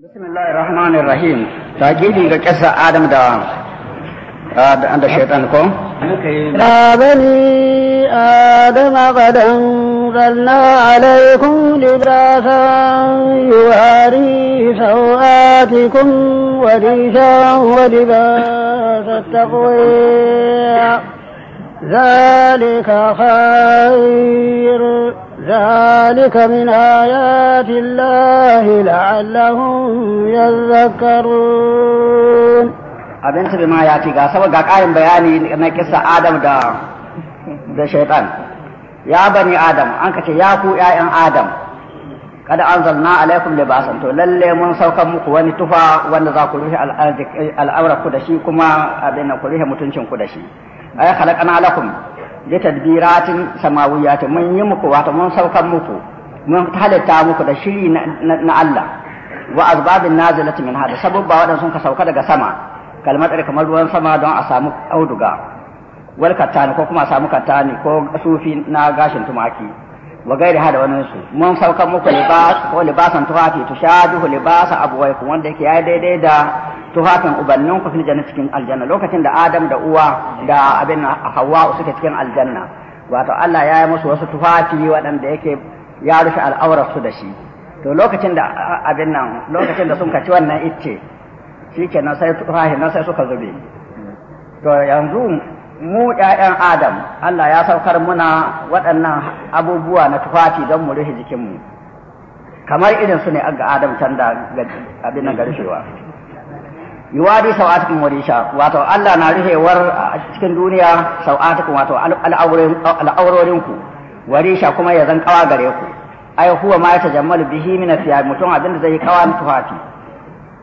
بسم الله الرحمن الرحيم تاجيلي غا كسا ادم دا عند الشيطان كو لا بني ادم قد انزلنا عليكم لباسا يواري سواتكم وريشا ولباس التقوي ذلك خير ذلك من آيات الله لعلهم abin tabi ma ya ce saboda ƙarin bayani na kisa Adam da da shaitan ya bani Adam an ka ce ya ku ƴaƴan Adam kada anzalna alaikum libasan to lalle mun saukar muku wani tufa wanda za ku rufe al'aura da shi kuma abin ku rufe mutuncin ku da shi ay da tadbiratin samawiyatin mun yi muku wato mun saukan muku mun halitta muku da shiri na Allah wa azbabin nazilati min hada sababba waɗanda sun ka sauka daga sama kalmar kamar ruwan sama don a samu auduga wal kattani ko kuma a samu kattani ko sufi na gashin tumaki wa gairi hada wani mun sauka muku libas libasan tufafi tushaduhu libasa abuwaiku wanda yake yayi daidai da tufafin ubannin ku fil janna cikin aljanna lokacin da adam da uwa da abin hawa suke cikin aljanna wato Allah ya yi musu wasu tufafi waɗanda yake ya rufe al'aurarsu da shi to lokacin da abin nan lokacin da sun kaci wannan icce shikenan sai tufafin sai suka zube to yanzu mu ‘ya'yan Adam, Allah ya saukar muna waɗannan abubuwa na tufafi don mu rufe jikinmu, kamar irin su ne ga Adam can da abin nan garshewa. Yuwadi sau'atukun warisha, wato Allah na rufewar a cikin duniya sau'atukun wato al'aurorinku, warisha kuma ya zan kawa gare ku, ai huwa ma ya jammal bihi min mutum abin da zai yi kawa tufafi.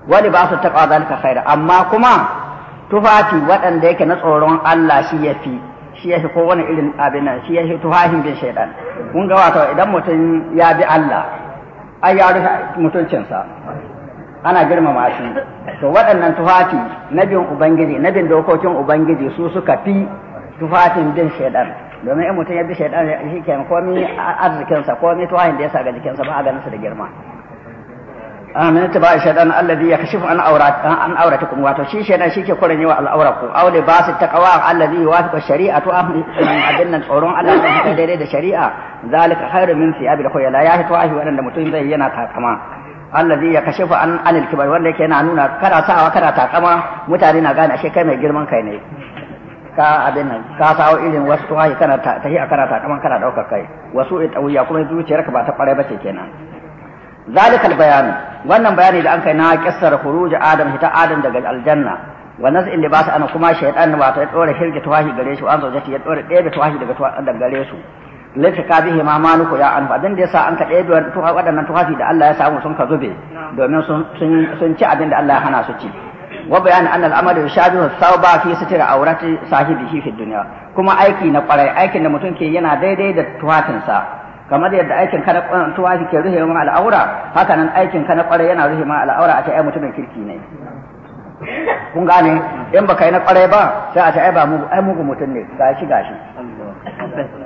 Wani ba su taɓa zalika khaira, amma kuma tufafi waɗanda yake na tsoron Allah shi ya fi shi ya fi ko wani irin abin nan shi ya fi tufafin bin shaidan kun ga wato idan mutum ya bi Allah ai ya rufe mutuncinsa ana girmama shi to waɗannan tufafi na bin ubangiji na bin dokokin ubangiji su suka fi tufafin bin shaidan domin in mutum ya bi shaidan shi ke komi arzikinsa komi tufafin da ya sa ga jikinsa ba a ganin su da girma amin ta min tibai shaytan alladhi yakshifu an awrat an awratukum wato shi shi ke yawa shaytan shike kuranye wa al'auraku aw libas taqwa alladhi to shari'atu abinnan tsoron Allah da shi daidai da shari'a zalika khairu min thiyabil khuyala ya hito ahi waɗanda mutum zai yana takama alladhi yakshifu an anil kibar wanda yake yana nuna kada sawa kada takama mutane na gane ashe kai mai girman kai ne ka abin nan ka sawo irin wasu tuwahi kana tahi a kana takaman kana daukar kai wasu itawiya kuma zuciyarka ba ta kware ba ce kenan zalikal bayani wannan bayani da an kai na kissar khuruj adam hita adam daga aljanna wa nas'in libas ana kuma shaytan wato ya dora shirki tawahi gare shi an zaujati ya dora ɗebe tawahi daga daga gare su ka bihi ma maluku ya an abin da yasa an ka ɗebe waɗannan tawahi da Allah ya samu sun ka zube domin sun ci abin da Allah ya hana su ci wa bayan anna al'amali yushabihu thawba fi sitira awrati sahibihi fi dunya kuma aiki na kwarai aikin da mutum ke yana daidai da tuwatinsa kamar yadda aikin ka na tuwafi ke rufe ma al'aura haka nan aikin ka na kwarai yana rufe ma al'aura a ce ai mutumin kirki ne kun gane in baka yi na kwarai ba sai a ce ai ba mugu ai mugu mutum ne gashi gashi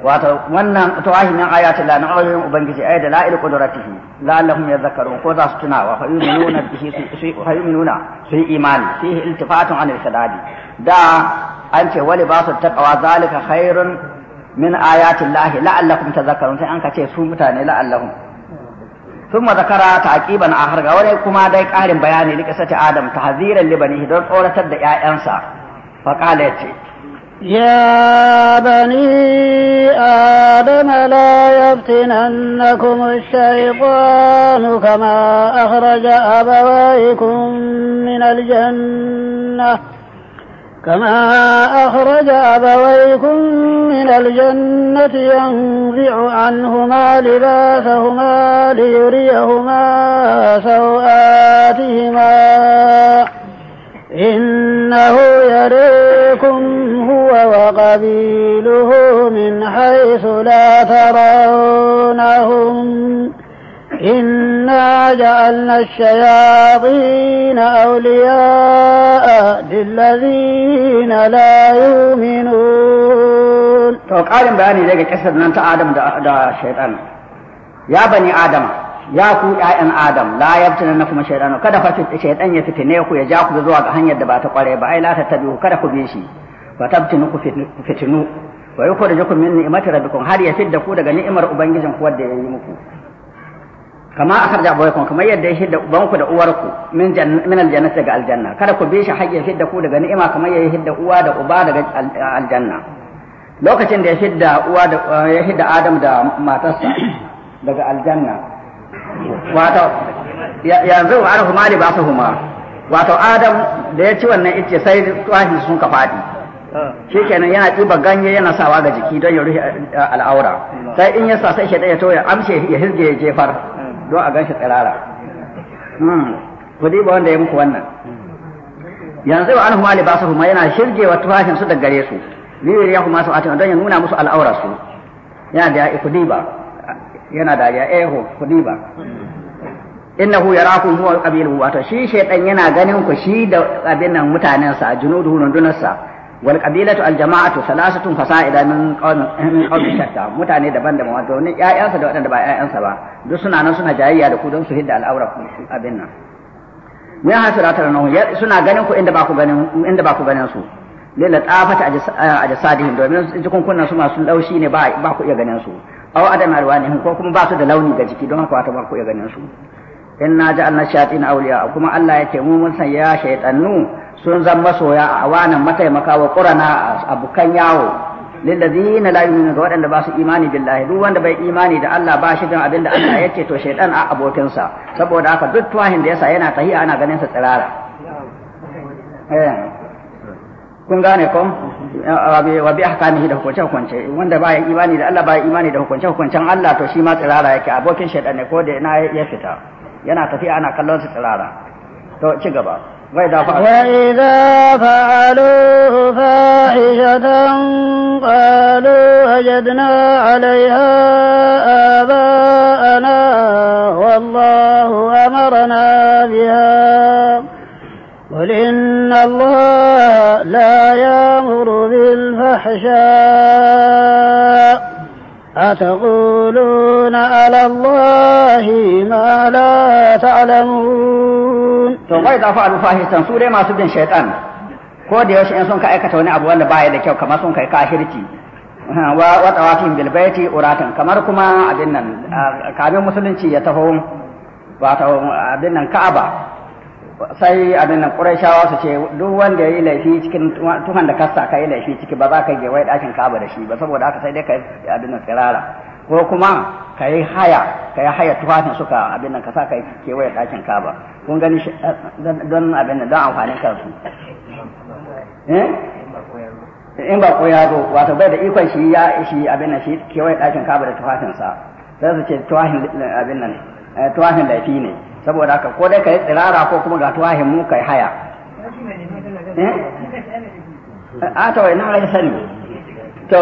wato wannan tuwafi min ayati la na ayoyin ubangiji ai da la'il qudratihi la'allahum yadhakkarun ko za su tunawa fa yu'minuna bihi fa yu'minuna su yi imani fihi iltifatun anil sadadi da an ce wali ba su taqwa zalika khairun min ayatin lahi la'allakum tazakkarun sai an ka ce su mutane la'allahum thumma zakara taqiban akhar ga wani kuma dai karin bayani li qisati adam tahziran li banihi don tsoratar da ƴaƴansa fa qala adama يا بني آدم لا يفتننكم الشيطان كما أخرج أبويكم من الجنة كما أخرج أبويكم من الجنة ينزع عنهما لباسهما ليريهما سوآتهما إنه يريكم هو وقبيله من حيث لا ترونهم إن إنا جعلنا الشياطين أولياء للذين لا يؤمنون to ƙarin bayani daga ƙasar nan ta Adam da shaitan ya bani Adam ya ku ƴaƴan Adam la na kuma shaitan kada fa shaitan ya fitine ku ya ja ku zuwa ga hanyar da ba ta kware ba ai la tattabi'u kada ku bi shi fa ku fitinu wa yukhrijukum min ni'mati rabbikum har ya fidda ku daga ni'imar ubangijin ku wanda ya yi muku kama akhraj kuma kamar yadda ya hidda ubanku da uwarku min min aljanna daga aljanna kada ku bi shi haƙƙin hidda ku daga ni'ima kamar ya hidda uwa da uba daga aljanna lokacin da ya hidda uwa da ya hidda Adam da matarsa daga aljanna wato yanzu wa arhu mali ba huma wato Adam da ya ci wannan ice sai tuwahi sun ka fadi kenan yana ɗiba ganye yana sawa ga jiki don ya rufe al'aura sai in ya sa sai shi ya to ya amshe ya hirge ya jefar don a ganshi tsirara hmm. Kudi ba wanda ya muku wannan yanzu wa anhuma libasuhum yana shirgewa tufafin su daga gare su liyar yahu masu atin don ya nuna musu al'aura su yana da kudi ba. yana da ya eho hu ya yarakum huwa qabiluhu wato shi shaidan yana ganin ku shi da abin nan mutanen sa junudu rundunarsa والقبيلة الجماعة ثلاثة فصائد من قوم من قوم شتى متاني دبان دبان wato ne ƴaƴansa da waɗanda ba ƴaƴansa ba duk suna nan suna jayayya da ku don su hidda al'aurar abin nan ne hasira ta nan suna ganin ku inda ba ku ganin inda ba ku ganin su domin jikun kunnan su masu laushi ne ba ba ku iya ganin su aw adam arwanihim ko kuma ba su da launi ga jiki don haka wato ba ku iya ganin su inna ja'alna shayatin awliya kuma Allah ya ce mu mun san ya shaytanu sun zan masoya a awanan mataimaka wa ƙurana a abokan yawo lillazina la yu'minu ga waɗanda ba su imani billahi duk wanda bai imani da Allah ba shi jin abin da Allah yake to shaytan a abokin sa saboda haka duk tuwahin da yasa yana tahiya ana ganin sa tsirara eh kun gane ko wa bi ahkamihi da hukunce hukunce wanda ba imani da Allah ba imani da hukunce hukuncen Allah to shi ma tsirara yake abokin shaytan ne ko da ina ya fita yana tafiya ana kallon sa tsirara to ci gaba وإذا فعلوا, فاحشة قالوا وجدنا عليها آباءنا والله أمرنا بها قل إن الله لا يأمر بالفحشاء أتقولون على الله ما لا تعلمون to wai da fa'alu fahistan su dai masu bin shaytan ko da yaushe in sun ka aikata wani abu wanda baya da kyau kamar sun kai kafirci wa wa tawafin bil baiti uratan kamar kuma abin nan kamin musulunci ya taho wato abin nan Ka'aba sai abin nan ƙurashawa su ce duk wanda ya yi laifi cikin tuhan da kasa ka yi laifi ciki ba za ka gewai ɗakin kaba da shi ba saboda haka sai dai ka yi abin nan tsirara ko kuma ka yi haya ka yi haya tufafin suka abin nan ka sa ka yi kewaye ɗakin kaba kun gani eh, don abin nan don amfanin kansu eh? in ba koya ya zo wato bai da ikon shi ya shi abin nan shi kewaye ɗakin kaba da tufafinsa sai su ce abin nan eh, tufafin laifi ne saboda haka ko dai ka yi tsirara ko kuma ga tuwahin mu kai haya eh? a to ina rai sani to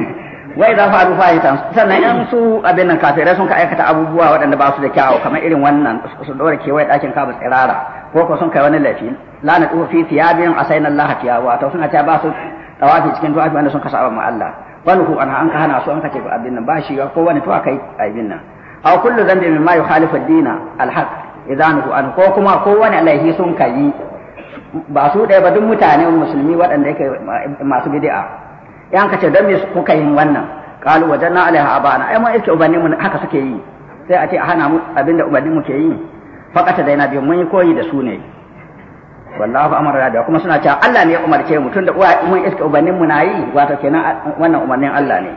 wai za faru fahitan sannan yan su abin nan kafirai sun ka aikata abubuwa waɗanda ba su da kyawu kamar irin wannan su ɗora kewaye ɗakin kaba tsirara ko ko sun kai wani laifi lana ɗuwa fi thiyabin asaina Allah tiyawa to suna ta ba su tawafi cikin tuwafi wanda sun kasa abin ma Allah wani ku an ka hana su an ka ce abin nan ba shi ga kowane tuwa kai abin nan aw kullu dhanbin mimma yukhalifu ad-dina al-haq idhanuhu an ko kuma ko wani laifi sun kai ba su ɗaya ba duk mutane musulmi waɗanda yake masu bid'a yan kace dan me kuka yin wannan qalu wajanna alaiha abana ai mun iske ubanni mun haka suke yi sai a ce a hana mu abinda ubanni mu ke yi faqata daina biyu mun yi koyi da su ne wallahu amara da kuma suna cewa Allah ne ya umarce mu tunda uwa mun iske ubannin mu na yi wato kenan wannan umarnin Allah ne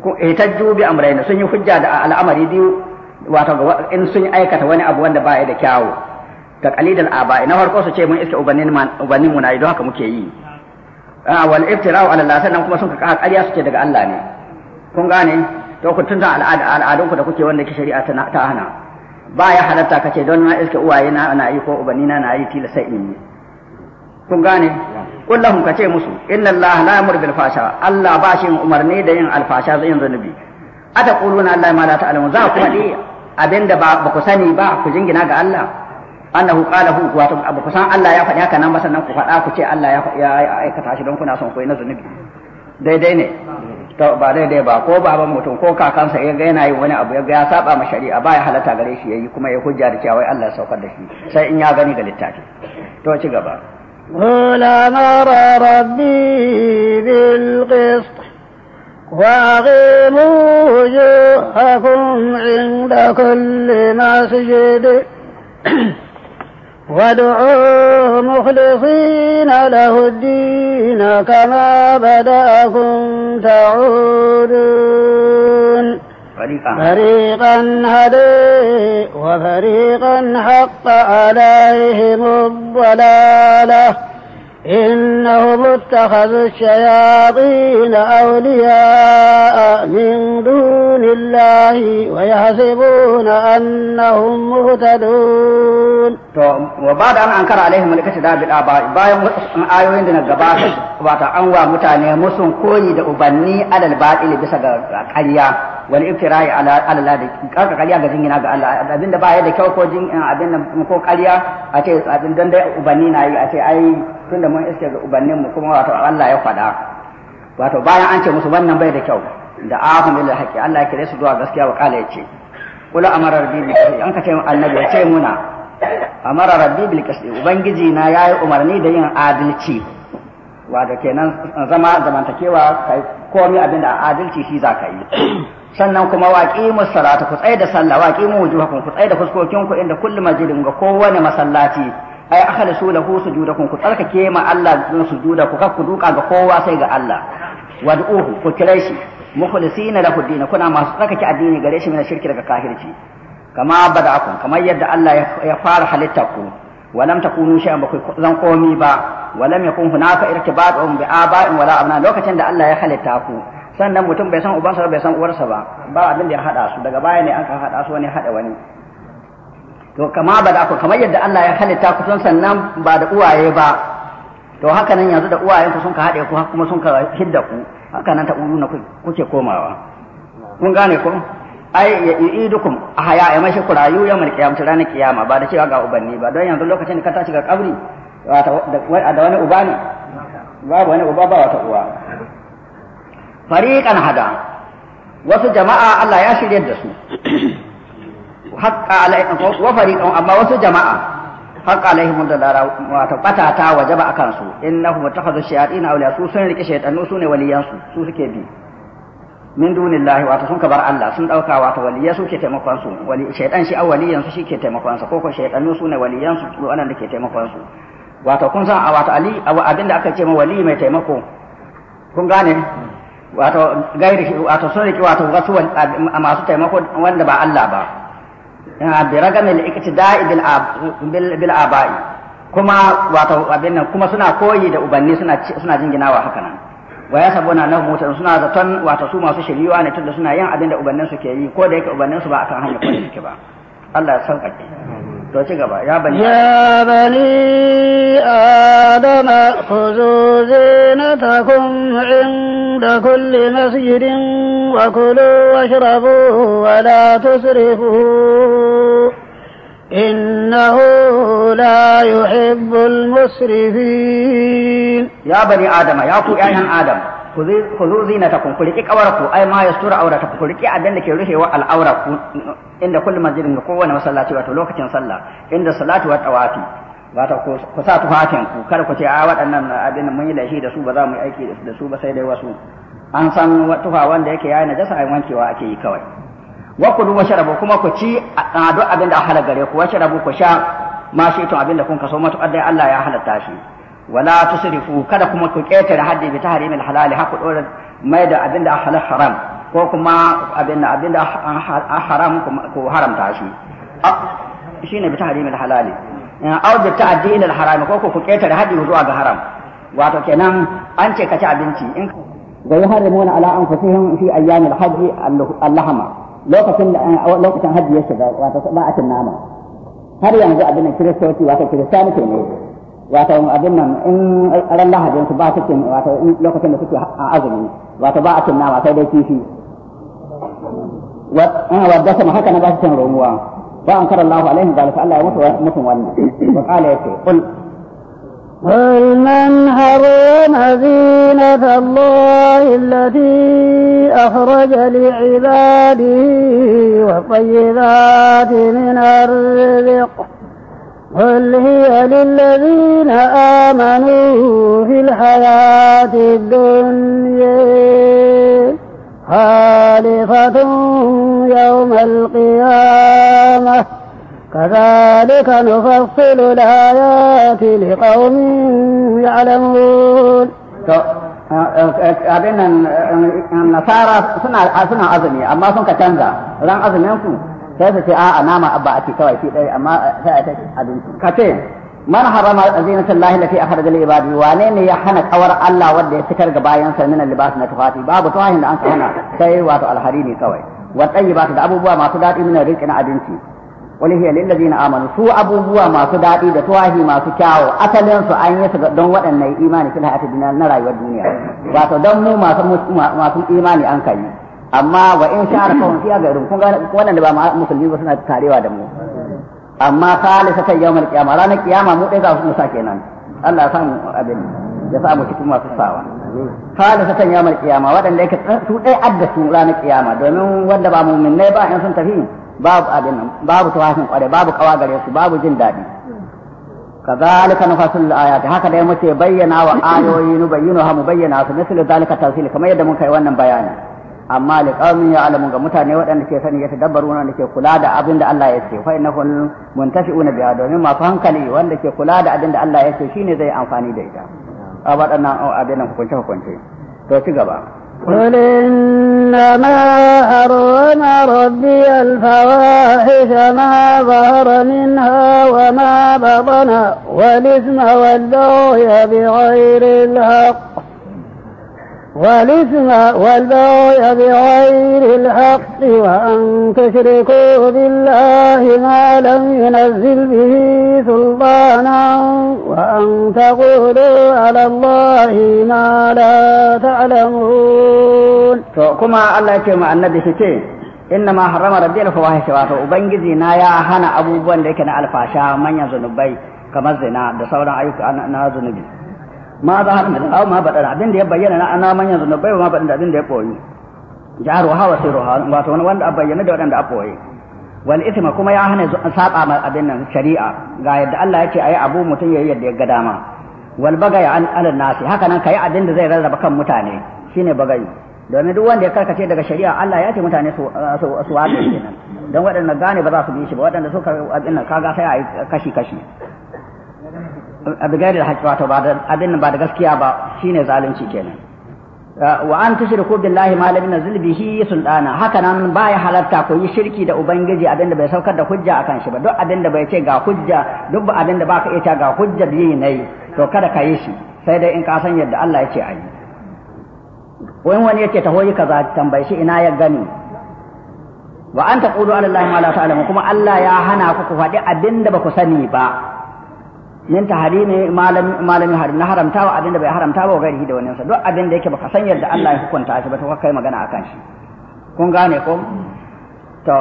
ihtajju bi amrayn sun yi hujja da al'amari biyu wato in sun aikata wani abu wanda baya da kyawu ta qalidal aba na farko su ce mun iske ubannin ubannin mu don haka muke yi wal iftira'u ala Allah sannan kuma sun ka kaha ƙarya suke daga Allah ne kun gane to ku tunta al'ada al'adun ku da kuke wanda ke shari'a ta hana ba ya halatta kace don na iske uwaye na na yi ko ubanni na na yi tilasa in yi kun gane qul ka ce musu inna Allah la yamur bil fasha allah ba shi umarni da yin zai yin zanubi ataquluna Allah ma la ta'lamu za ku faɗi abinda ba ku sani ba ku jingina ga allah annahu qala hu wa ba ku san allah ya faɗi haka nan masa nan ku faɗa ku ce allah ya aikata shi don kuna son koyi na zanubi daidai ne ba daidai ba ko baban mutum ko kakansa ya ga yana yin wani abu ya ga ya saba ma shari'a ba ya halatta gare shi yayi kuma ya hujja da cewa wai Allah ya saukar da shi sai in ya gani da littafi to ci gaba قل أمر ربي بالقسط وأقيموا وجوهكم عند كل مسجد وادعوا مخلصين له الدين كما بدأكم تعودون فريقا فريقا هدي وفريقا حق عليهم الضلالة إنهم اتخذوا الشياطين أولياء من دون الله ويحسبون أنهم مهتدون وبعد أن أنكر عليهم الاقتداء بالآباء بايم آيوين دين الجبار وعطا أنوى متاني مسن كوني دأبني على الباطل بسجر قرية wani iftira'i ala Allah da karka kariya ga jingina ga Allah abinda ba ya da kyau ko jin abin ko kariya a ce abin dan dai ubanni na yi a ce ai tunda mun iske ga ubannin mu kuma wato Allah ya faɗa wato bayan an ce musu wannan bai da kyau da ahum ila haqi Allah ya kire su zuwa gaskiya wa kala yace kula amara rabbi bi an ka ce annabi ya ce muna amara rabbi bil qist ubangiji na yayi umarni da yin adalci wato kenan zama zamantakewa kai komai abinda adalci shi za ka yi sannan kuma waqimus salata ku tsaya da sallah waqimu wujuhakum ku tsaya da fuskokin ku inda kullu masjidin ga kowane masallaci ay akhlisu lahu sujudakum ku tsarkake ma Allah sujuda ku kakku duka ga kowa sai ga Allah wad'uhu ku kira shi mukhlisina lahu dinu kuna masu tsarkake addini gare shi min shirki daga kafirci kama bada'akum kamar yadda Allah ya fara halitta ku ولم تكونوا شيئا بكم زن قومي با ولم يكن هناك ارتباط بآباء ولا أبناء لو allah الله halitta ku. sannan mutum bai san ubansa bai san uwarsa ba ba abin da ya hada su daga baya ne an ka hada su wani hada wani to kama ba da ku kamar yadda Allah ya halitta ku sun sannan ba da uwaye ba to haka nan yanzu da uwayen ku sun ka hade ku kuma sun ka hidda ku haka nan ta na kuke komawa kun gane ko ai ya idukum ahaya ya mashi ku rayu ya mulki ya ranar kiyama ba da cewa ga ubanni ba don yanzu lokacin da ka tashi ga kabri da wani uba ne babu wani uba ba wata uwa fariqan hada wasu jama'a Allah ya shirya da su haqqa alaihim wa fariqan amma wasu jama'a haqqa alaihim dara wato batata wajaba akan su innahum takhadhu shayatin awliya su sun rike shaytanu su ne waliyan su su suke bi min dunillahi wato sun kabar Allah sun dauka wato waliya su ke taimakon su wali shaytan shi awliyan su ke taimakon su ko ko shaytanu su ne waliyan su ko anan da ke taimakon su wato kun san a wato ali abinda aka ce ma wali mai taimako kun gane wato gairi wato sun riki wato wasu masu taimako wanda ba Allah ba bi ragamil iktida'i bil bil aba'i kuma wato abin nan kuma suna koyi da ubanni suna suna jinginawa haka nan wa ya sabona na mutan suna zaton wato su masu shiriyuwa ne tunda suna yin abin da ubannin su ke yi ko da yake ubannin su ba akan hanyar kwarai suke ba Allah ya sauƙaƙe to ci gaba ya bani ya bani adama khuzu zinatakum inda kulli masjidin wa kulu washrabu wa la tusrifu إنه لا يحب المسرفين يا بني آدم يا كو يا آدم خذوا زينتكم كل إك أوركم أي ما يستر أوركم كل إك أبين لك يرشه والأوركم inda kullu masjidin ga kowane masallaci wato lokacin sallah inda salatu wa tawafi wato ku sa tufafin ku kar ku ce a waɗannan abin mun yi lashi da su ba za mu yi aiki da su ba sai dai wasu an san tufa wanda yake yayi najasa ai wankewa ake yi kawai wa kulu wa sharabu kuma ku ci a duk abin da halal gare ku wa sharabu ku sha ma shi to abin da kun kaso matuƙar dai Allah ya halatta shi wala tusrifu kada kuma ku ƙetare haddi bi tahrimil halal haku dora mai da abin da halal haram ko kuma abinda abinda haram ko haramta shi ne bi hadimin halali aw bi ta'addi al haram ko ku ketare haddi zuwa ga haram wato kenan an ce ka ci abinci in ga yuharrimuna ala anfusihim fi ayyam al-hajj al-lahma lokacin eh, lokacin hajji ya shiga wato ba a nama har yanzu abin kristoci wato kiristani ke ne wato abin nan in ran lahadin su ba su cin wato lokacin da suke azumi wato ba a cin nama sai dai kifi ودسم آه، هكا نبات رموا فأنكر الله عليهم قال الله يموت ومتم وانا وقال يكي قل قل من حرم زينة الله الذي أخرج لعباده والطيبات من الرزق قل هي للذين آمنوا في الحياة الدنيا خالفة يوم القيامة كذلك نفصل الآيات لقوم يعلمون abin nan nasara suna suna azumi amma sun ka canza ran azumin ku sai su ce a'a nama abba ake kawai shi ɗaya amma sai a ta abinci ka ce man harama zinatan lahi lati akhraja lil ibadi wane ne ya hana kawar Allah wanda ya fitar ga bayan sa min libas na tufafi babu tufahin da an hana sai wato alhari ne kawai wa tayyibat da abubuwa masu dadi min rizqin abinci wani hiya lil amanu su abubuwa masu dadi da tuwahi masu kyawo asalin su an yi su don waɗannan imani fil hayati dunya na rayuwar duniya wato don mu masu masu imani an kai amma wa in sha'ara kawun fiya ga irin kun ga waɗanda ba musulmi ba suna tarewa da mu amma sale ta yau mai kiyama ranar kiyama mu ɗai za su nusa kenan Allah ya sa mu abin ya sa mu cikin masu sawa sale ta yau mai kiyama waɗanda yake su ɗai addasu ranar kiyama domin wanda ba mummin ne ba in sun tafi babu abin babu tuhafin kware babu kawa gare su babu jin daɗi kadhalika nufasul ayati haka dai muke bayyana wa ayoyi nu bayyana mu bayyana su misali zalika tafsili kamar yadda mun kai wannan bayanin amma li ya alamu ga mutane waɗanda ke sani ya tadabbaru wanda ke kula da abin da Allah ya ce fa innahum muntashi'una biha domin masu hankali wanda ke kula da abin da Allah ya ce shine zai amfani da ita a waɗannan abin nan hukunce hukunce to ci gaba قل إنما حرم ربي الفواحش ما ظهر منها وما بطن والإثم والبغي بغير الحق والإثم والبغي بغير الحق وأن تشركوا بالله ما لم ينزل به سلطانا وأن تقولوا على الله ما لا تعلمون كما الله كما النبي شتين إنما حرم ربي الفواحش واتو وبنجزي نايا هنا أبو بوان لكنا الفاشا من يزنبي كما زنا دسولا أيوك أنا زنبي ma za haka aw ma badara abin da ya bayyana na ana manyan bai ma badin da abin da ya koyi jaru hawa sai ruha wato wanda a bayyana da waɗanda a koyi wal ithma kuma ya hana saba ma abin nan shari'a ga yadda Allah yake ayi abu mutum yayi yadda ya ga dama wal bagaya an alal nasi haka nan kai abin da zai rarraba kan mutane shine bagayi domin duk wanda ya karkace daga shari'a Allah ya ce mutane su su wato kenan don waɗanda gane ba za su bi shi ba waɗanda suka abin nan kaga sai kashi kashi bigari da haƙƙi wato abin ba da gaskiya ba shine zalunci kenan uh, wa an tushriku malami na zulbi shi sun ɗana. haka nan ba ya halarta ko yi shirki da ubangiji abin da bai saukar da hujja a kan shi ba duk abin da bai ce ga hujja duk abin da baka iya ga hujja yi yi to kada ka yi shi sai dai in ka san yadda Allah a ayi wani wani yake taho yi kaza tambayi shi ina ya gani wa an taqulu ala ma la kuma Allah ya hana ku ku faɗi abin da ba ku sani ba min taharimi malam malam harim na haramta wa abinda bai haramta ba gari da wannan sa duk abin da yake baka san yadda Allah ya hukunta shi ba to kai magana akan shi kun gane ko to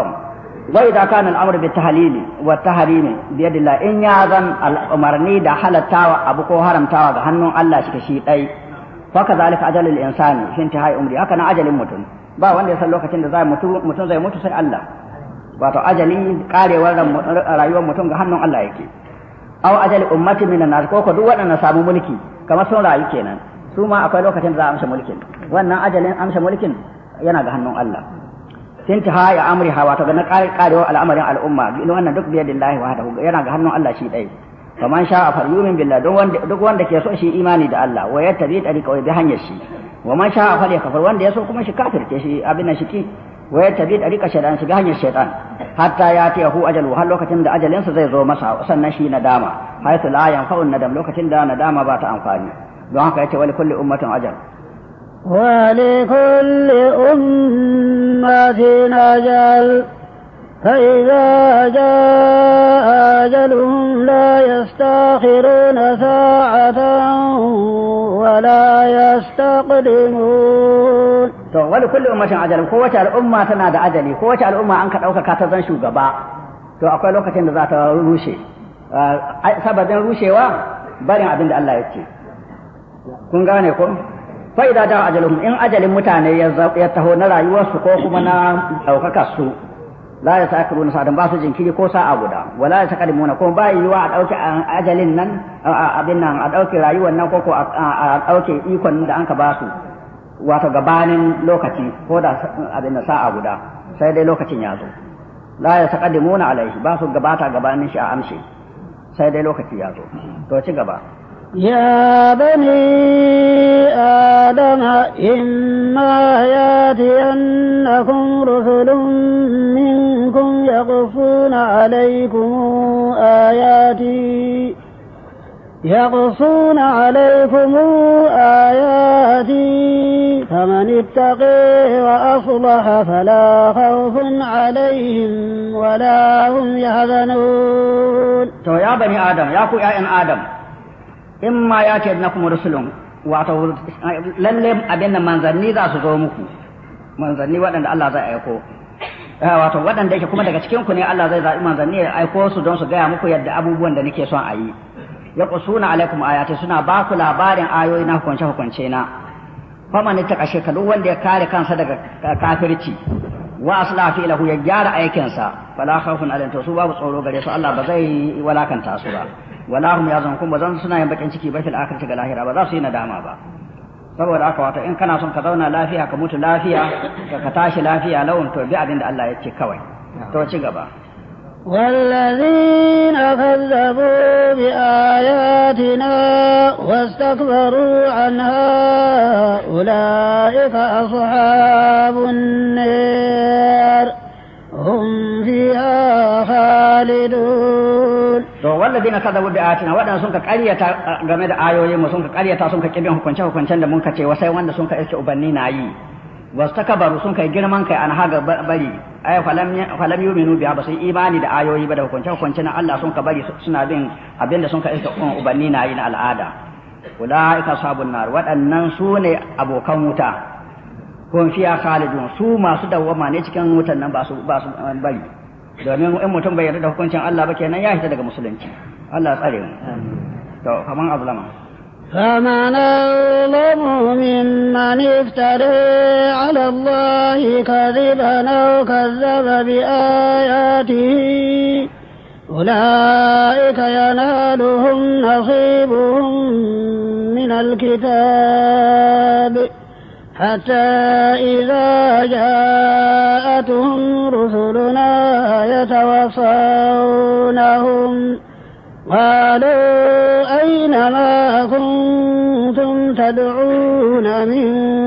wa idza kana al-amru bi tahlili wa tahrimi bi yadillah in ya zan al-umarni da halattawa abu ko haramtawa ga hannun Allah shi shi dai fa kadhalika ajalul insani shi intihai umri haka na ajalin mutum ba wanda ya san lokacin da zai mutu mutum zai mutu sai Allah wato ajali karewar rayuwar mutum ga hannun Allah yake aw ajali ummati minan nas ko ko duk waɗannan samu mulki kamar sun rayu kenan su ma akwai lokacin da za a amsa mulkin wannan ajalin amsa mulkin yana ga hannun Allah ha ya amri hawa to ga na kare karewa al'amarin al'umma duk wannan duk biyar lillahi wahdahu yana ga hannun Allah shi dai faman sha a falyumin billah duk wanda duk wanda ke so shi imani da Allah wa yattabi tariqa wa bi hanyar shi wa man sha a falyakfur wanda ya so kuma shi kafirce shi abin nan shi wa yattabi dariqa shaytan shiga hanyar shaytan hatta ya ta hu ajalu har lokacin da sa zai zo masa sannan shi nadama haythu la yanfa'u nadam lokacin da nadama ba ta amfani don haka yace wali kulli ummatin ajal wa kulli ummatin ajal فإذا جاء آجلهم لا يستاخرون ساعة ولا يستقدمون to wani kullum mashin ajali ko wace al'umma tana da ajali ko wace al'umma an ka ɗaukaka ta zan shugaba to akwai lokacin da za ta rushe eh, sabadin rushewa barin abin da Allah ya ce kun gane ko fa idza da ajaluhum in ajalin mutane ya taho na rayuwarsu ko kuma na ɗaukaka su la ya sakaruna sadan ba su jinkiri ko sa'a guda wala ya sakadimuna ko ba yiwa a dauke ajalin nan abin nan a dauke rayuwar nan ko ko a dauke ikon da anka ba su wato gabanin lokaci ko da abin nan sa'a guda sai dai lokacin ya zo la ya sakadimuna alaihi ba su gabata gabanin shi a amshi sai dai lokaci ya zo to ci gaba يا بني آدم إما ياتينكم رسل منكم يقصون عليكم آياتي يقصون عليكم آياتي فمن اتقي وأصلح فلا خوف عليهم ولا هم يحزنون تو يا بني آدم يا كو يا إن آدم in ma ya ce na kuma rusulun wato lalle abin da manzanni za su zo muku manzanni waɗanda Allah zai aiko eh, wato waɗanda yake kuma daga cikin ku ne Allah zai zaɓi manzanni ya aiko su don su gaya muku yadda abubuwan da nake son a yi ya suna alaikum ayati suna ba ku labarin ayoyi na hukunce hukunce na faman ta kashe ka duk wanda ya kare kansa daga kafirci wa asla fi lahu ya gyara aikinsa fala khawfun alaihim to su babu tsoro gare su Allah ba zai walakanta su ba wala hum yazun kun bazan suna yin bakin ciki ba fil akhirati ga lahira ba za su yi nadama ba saboda haka wato in kana son ka zauna lafiya ka mutu lafiya ka tashi lafiya lawan to bi abin da Allah ya ce kawai to ci gaba والذين كذبوا بآياتنا واستكبروا عنها أولئك أصحاب النار هم فيها خالدون to walladina kadabu bi ayatina wadan sun ka ƙaryata game da ayoyin mu sun ka ƙaryata sun ka kibe hukunce hukuncen da mun ka ce wasai wanda sun ka iske ubanni na yi wastakabaru sun kai girman kai an haga bari ay falam Lam yuminu biha basu imani da ayoyi ba da hukunce hukuncen Allah sun ka bari suna bin abinda sun ka iske ubanni na yi na al'ada ulaika sabun nar waɗannan su ne abokan wuta kun fiya khalidun su masu dawwama ne cikin wutan nan ba su ba su bari domin in mutum bai yarda da hukuncin Allah ba kenan ya fita daga musulunci Allah tsare mu to kaman azlama فمن أظلم ممن افترى على الله كذبا أو كذب بآياته أولئك ينالهم نصيبهم من الكتاب حتى إذا جاءتهم رسلنا يتوفونهم قالوا أين ما كنتم تدعون من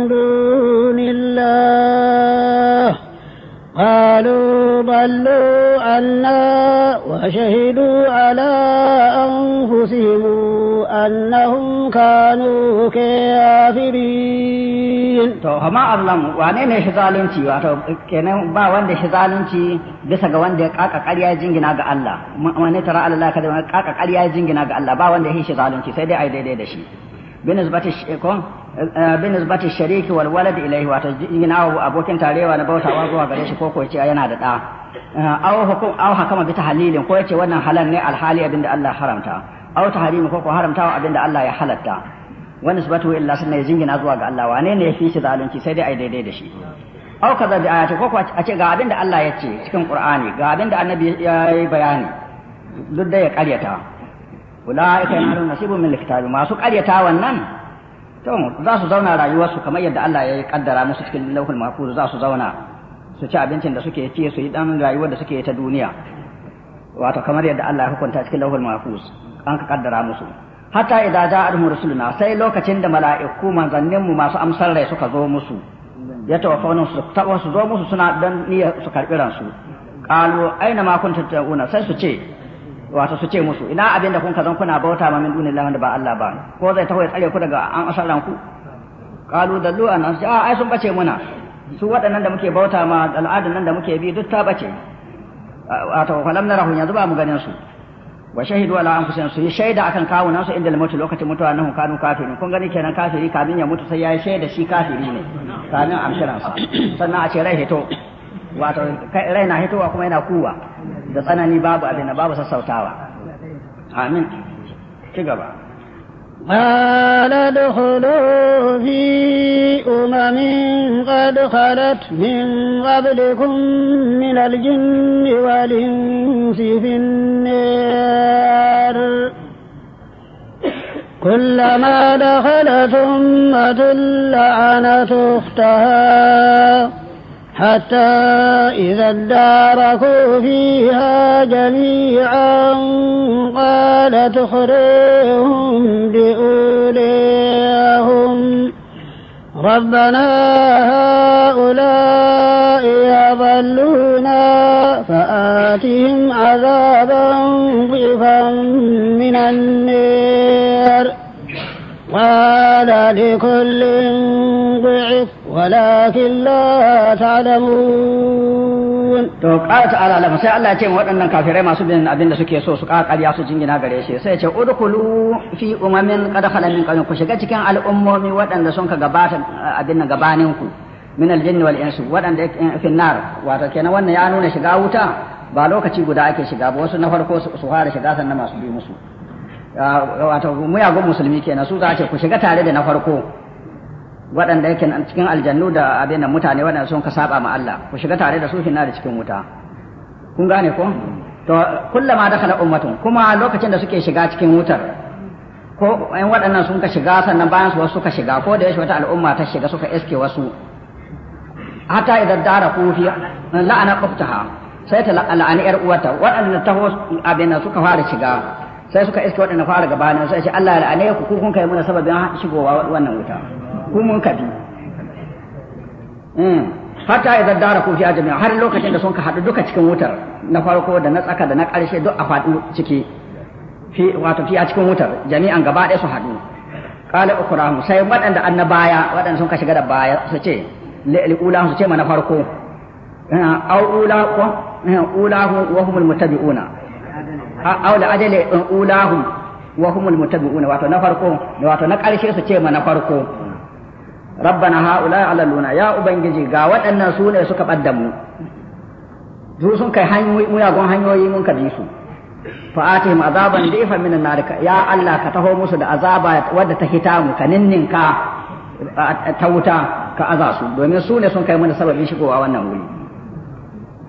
دون الله قالوا ضلوا عنا وشهدوا على أنفسهم أنهم كانوا كافرين to amma Allah wane ne shi zalunci wato kenan ba wanda shi zalunci bisa ga wanda ya kaka ƙarya jingina ga Allah wani tara Allah kada wani kaka ƙarya jingina ga Allah ba wanda ya shi zalunci sai dai ai daidai da shi binisbati eh, ko eh, binisbati shariki wal walad ilayhi wato jingina wa abokin tarewa na bautawa zuwa gare shi ko ko ce yana da da eh, aw hukum aw hakama bi tahlilin ko yace wannan halal ne alhali abinda Allah haramta aw tahrimi ko ko haramtawa abinda Allah ya halatta wani su subatu illa suna ya jingina zuwa ga Allah wane ne ya fi shi zalunci sai dai yi daidai da shi au kaza bi ayati ko a ce ga abin da Allah ya ce cikin Qur'ani ga abin da Annabi ya yi bayani duk da ya karyata ulaika yanalun nasibun min alkitabi masu karyata wannan to za su zauna rayuwarsu kamar yadda Allah ya kaddara musu cikin lauhul mahfuz za su zauna su ci abincin da suke ci su yi dan rayuwar da suke ta duniya wato kamar yadda Allah ya hukunta cikin lauhul mahfuz an ka kaddara musu hatta idza ja'ahum rusuluna sai lokacin da mala'iku manzannin mu masu amsar rai suka zo musu ya tawaffawna su tawa su zo musu suna dan niyya su karbi ransu qalu aina ma kuntum ta'una sai su ce wato su ce musu ina abin da kun kazan kuna bauta ma min dunillahi da ba Allah ba ko zai tawaye tsare ku daga an asar ranku qalu dallu an asja ai sun bace muna su waɗannan da muke bauta ma al'adun nan da muke bi duk ta bace wato falam narahu yanzu ba mu ganin su wa shahidu ala anfusihim su yi shaida akan su inda al lokacin mutuwa annahum kanu kafiri kun gani kenan kafiri kamin ya mutu sai ya yi shaida shi kafiri ne kamin amshiransa sannan a ce rai hito wato rai na hitowa kuma yana kuwa da tsanani babu abin babu sassautawa amin ci gaba قال ادخلوا في أمم قد خلت من قبلكم من الجن والإنس في النار كلما دخلت أمة لعنت أختها حتى إذا اداركوا فيها جميعا قال تخريهم لأوليهم ربنا هؤلاء يضلونا فآتهم عذابا ضعفا من النار قال لكل ضعف ولكن لا تعلمون to qala ta'ala lam sai Allah ya ce waɗannan kafirai masu bin abin da suke so su ka ƙarya su jingina gare shi sai ya ce udkhulu fi umamin qad khala min qablikum ku shiga cikin al'ummomi waɗanda sun ka gabata abin nan gabanin ku min al-jinn wal insu waɗanda fi nar wato kenan wannan ya nuna shiga wuta ba lokaci guda ake shiga ba wasu na farko su fara shiga sannan masu bi musu Ah, wato muyagun musulmi kenan su za ce ku shiga tare da na farko waɗanda yake cikin aljannu da abin da mutane waɗanda sun ka saba ma Allah ku shiga tare da su hinna da cikin wuta kun gane ko to kullama dakala ummatun kuma lokacin da suke shiga cikin wutar ko in waɗannan sun ka shiga sannan bayan su wasu suka shiga ko da yashi wata al'umma ta shiga suka iske wasu hatta idan dara ku fi la'ana qaftaha sai ta la'ana yar uwata waɗanda taho abin suka fara shiga sai suka iske waɗanda fara gaba gabanin sai ce Allah la'ane ku ku kun kai muna sababin shigowa wannan wuta ku mun kafi hmm. hatta idza dara ku fi ajami har lokacin da sun ka hadu duka cikin wutar na farko da na tsaka da na ƙarshe duk a faɗi ciki fi wato fi a cikin wutar jami'an gaba ɗaya su hadu qala ukrahu sai waɗanda annabaya waɗanda sun ka shiga da baya su ce li'ula su ce mana farko hmm. au ula ko hmm, ula wa humul mutabi'una aw la ajali ulahum wa humul mutabi'una wato na farko wato na karshe su ce ma na farko rabbana haula ala luna ya ubangiji ga waɗannan su ne suka ɓadda mu sun kai hanyoyi muyagun hanyoyi mun kaji su fa atihim azaban difan minan nar ya allah ka taho musu da azaba wadda ta hita mu ka ninninka ta wuta ka aza su domin su ne sun kai mana sababin shigowa wannan wuri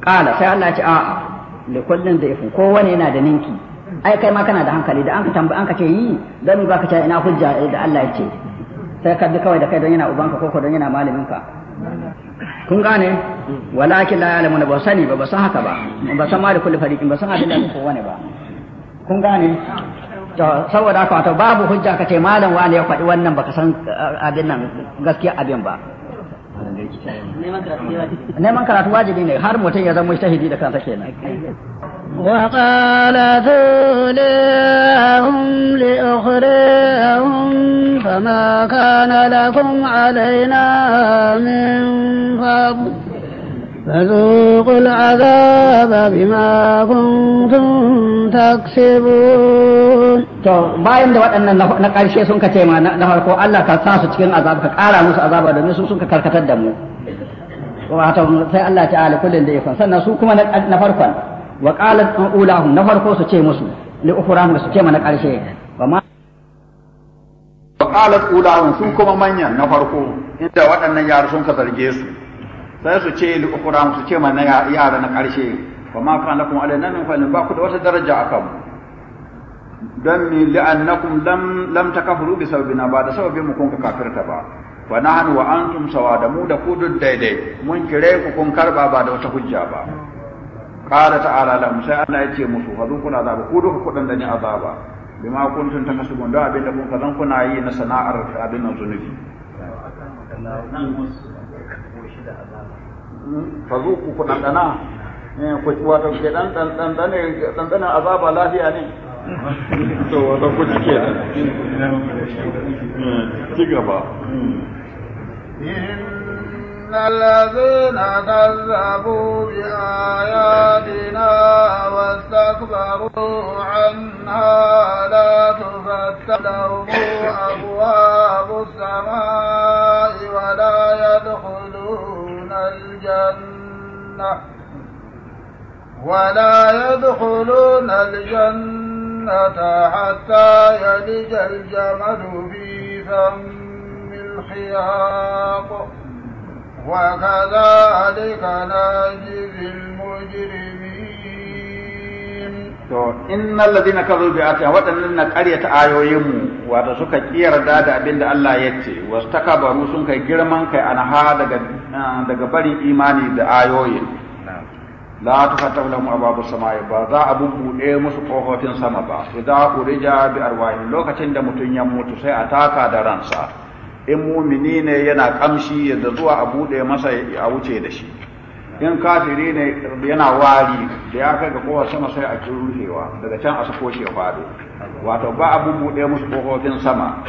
qala sai allah ce a'a li da ifin kowane yana da ninki ai kai ma kana da hankali da an ka tambaye an ka ce yi dan ba ka ce ina hujja da Allah ya ce sai ka bi kawai da kai don yana ubanka ko ko don yana malamin ka kun gane walakin la ya'lamu ba sani ba ba san haka ba ba san ma da kulli fariqin ba san abin da ko wani ba kun gane to saboda haka wato babu hujja ka ce malam wani ya faɗi wannan baka san eh, abin nan gaskiya abin ba neman karatu wajibi ne har mutum ya zama mujtahidi da kansa kenan وقال ثولاهم لأخريهم فما كان لكم علينا من فضل فذوقوا العذاب بما كنتم تكسبون to bayan da waɗannan na ƙarshe sun ka ce ma na farko Allah ka sa su cikin azab ka ƙara musu azaba domin su sun ka karkatar da mu wato sai Allah ala kullin da yakon sannan su kuma na farkon wa qalat ulahum na farko su ce musu li ukhrahum su ce ma na ƙarshe wa ma wa qalat ulahum su kuma manyan na farko inda waɗannan yaro sun ka zarge su sai su ce li ukura su ce mana yara na karshe fa ma kana lakum alaina min fa'in ba ku da wata daraja akan dan mi li'annakum lam lam takafuru bi sababina ba da sababin mu kun kafirta ba wa nahnu wa antum sawada mu da ku duk daidai mun kire ku kun karba ba da wata hujja ba qala ta'ala lahum sai Allah ya ce musu hazu kuna azaba ku duka kudan da ni azaba bima kuntum takasubun da abinda kun kazan kuna yi na sana'ar abin da zunubi fazuku ku dandana eh, ku wato ke dan dan dan azaba lafiya ne to wato ku ke hmm, ci gaba إن الذين كذبوا بآياتنا واستكبروا عنها لا تفتح لهم أبواب السماء ولا يدخلون الجنة ولا يدخلون الجنة حتى يلج الجمل في فم الخياط وكذلك نجزي المجرمين to innal ladina kadzabu bi ayatina waɗannan na ƙaryata ayoyinmu wato suka kiyarda da abin da Allah ya ce wasu takabaru sun kai girman kai anha daga daga barin imani da ayoyin la tufattahu mu ababu samai ba za a bubbuɗe musu kofofin sama ba ku rija bi arwahi lokacin da mutum ya mutu sai a taka da ransa in mumini ne yana ƙamshi yadda zuwa a buɗe masa a wuce da shi in kafiri ne yana wari da ya kai ga kowa sama sai a cin daga can a sako shi ya faɗo wato ba abu buɗe musu ƙofofin sama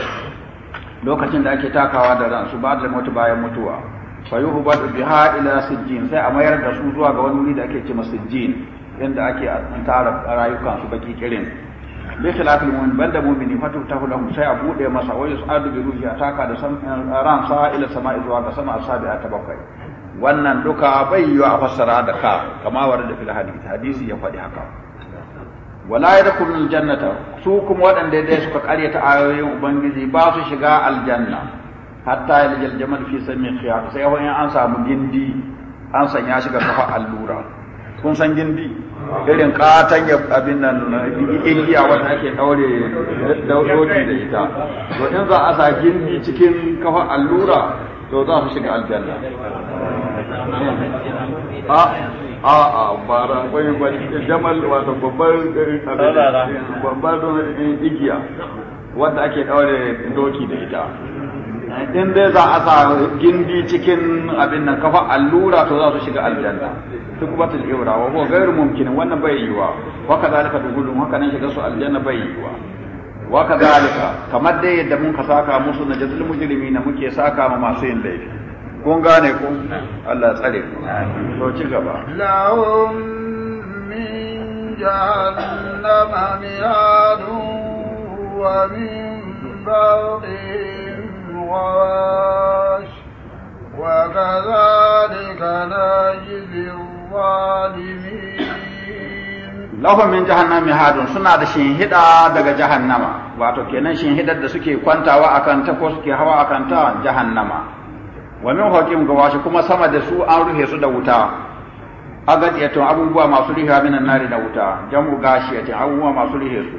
lokacin da ake takawa da ransu ba da mutu bayan mutuwa fa yuhu ba biha ila sijjin sai a mayar da su zuwa ga wani wuri da ake ce sijjin inda ake tara rayukan su baki kirin bi khilafil mu'min bal da mu'mini fatu tahu lahum sai a buɗe masa wa yus'adu bi ruhi ataka da ran sa ila sama'i zuwa ga sama sabi'a ta bakwai wannan duka bai yi a fassara da ka kama war da fil hadisi hadisi ya faɗi haka wala ya yadkhulul jannata su kuma waɗanda dai suka karyata ayoyin ubangiji ba su shiga aljanna hatta yaljal jamal fi sami khiyar sai wani an samu gindi an sanya shi ga kafa allura kun san gindi irin katan ya abin nan igiya wanda ake daure daure da ita to in za a sa gindi cikin kafa allura to za su shiga aljanna a a a bara kwai ba jamal wato babbar babban igiya wadda ake daure doki da ita in dai za a sa gindi cikin abin nan kafa allura to za su shiga aljanna duk batul ibra wa ko ghairu mumkin wannan bai yiwa wa kadhalika dukhulun haka nan shiga su aljanna bai yiwa wa kadhalika kamar dai yadda mun ka saka musu najzul mujrimina muke saka ma masu yin laifi kun gane ku Allah tsare ku to ci gaba lahum min jahannama mi'adu wa min bawdihim wa wa kadhalika najzi zalimin lahum min jahannama mihadun suna da shin hida daga jahannama wato kenan shin hidar da suke kwantawa akan ta ko suke hawa akan ta jahannama wa min ga washi kuma sama da su an ruhe su da wuta to abubuwa masu riha minan nari da wuta jamu ce abubuwa masu rihe su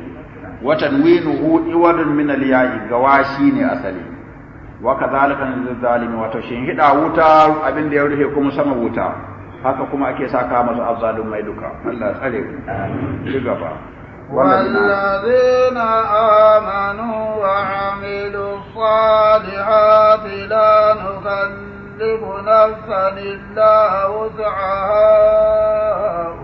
wa hu iwadun min al ga washi ne asali wa kadhalika lil-zalimi wato shin hida wuta abin da ya ruhe kuma sama wuta haka kuma ake saka masu mai duka Allah tsare ku shiga gaba والذين آمنوا وعملوا الصالحات لا نكلف نفسا إلا وسعها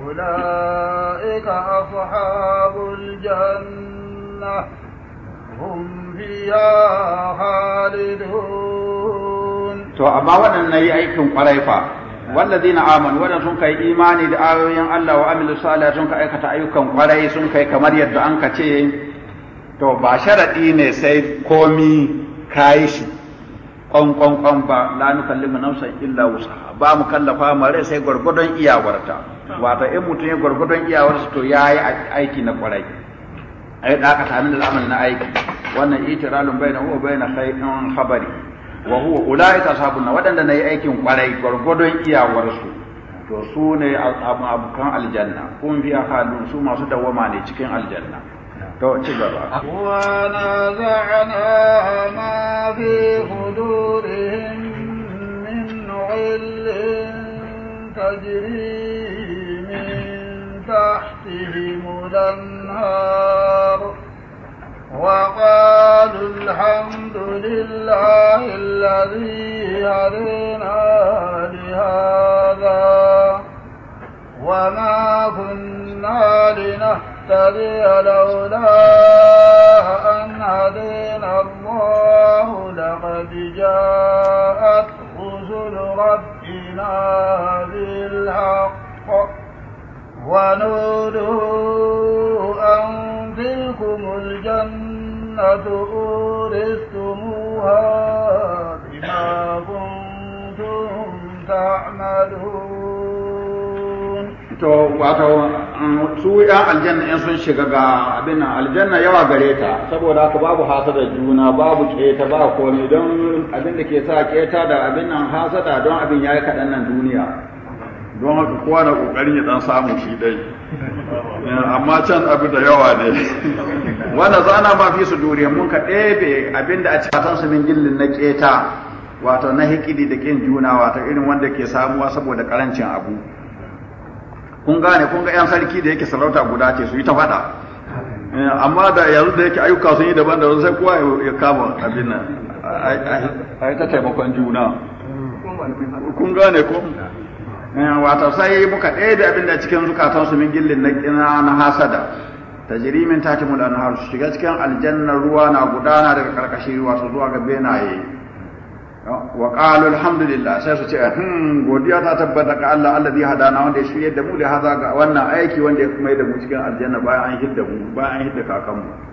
أولئك أصحاب الجنة هم فيها خالدون. تو أما وأنا أيكم قريفا wallazina amanu wannan sun kai imani da ayoyin Allah wa amilu salih sun ka aikata ayyukan kwarai sun kai kamar yadda an ka ce to ba sharadi ne sai komi kayi shi kon kon kon ba la nukallimu nafsan illa wusa. ba mu kallafa mare sai gurgudun iyawarta wato in mutum ya gurgudun iyawarsa to yayi aiki na kwarai ai da aka sami da al'amal na aiki wannan itiralun bayna huwa bayna ɗan khabari wa huwa na waɗanda wadanda nayi aikin kwarai gwargwadon iyawar su to su ne abokan aljanna kun biya halun su masu dawama ne cikin aljanna to ci gaba wa naza'na ma fi hudurihim min ilin tajri min tahtihim al وقالوا الحمد لله الذي هدينا لهذا وما كنا لنهتدي لولا أن هدينا الله لقد جاءت رسل ربنا بالحق ونودوا أن تلكم الجنة الجنة أورثتموها بما كنتم to wato mm, su ya aljanna in sun shiga ga abin aljanna yawa gare ta saboda haka babu hasada juna babu keta ba komai don abin da ke sa keta da abin nan hasada don abin yayi kaɗan nan duniya don haka kowa na kokarin ya dan samu shi dai amma can abu da yawa ne wanda zana ma fi su dore mun ka ɗebe abinda a cikin su min gillin na keta wato na hikidi da kin juna wato irin wanda ke samuwa saboda karancin abu kun gane kun ga yan sarki da yake sarauta guda ce su yi ta faɗa amma da yanzu da yake ayyuka sun yi daban daban sai kowa ya kama abin nan a yi ta taimakon juna kun gane ko Eh, wato sai muka ɗebe abin da cikin zukatansu min gillin na na hasada tajri min tatimul anhar su shiga cikin aljanna ruwa na gudana daga karkashin ruwa su zuwa ga benaye wa qalu alhamdulillah sai su ce hmm godiya ta tabbata ga Allah hada hadana wanda ya shirya da mu da haza ga wannan aiki wanda ya kuma da mu cikin aljanna bayan an hidda mu bayan an hidda kakanmu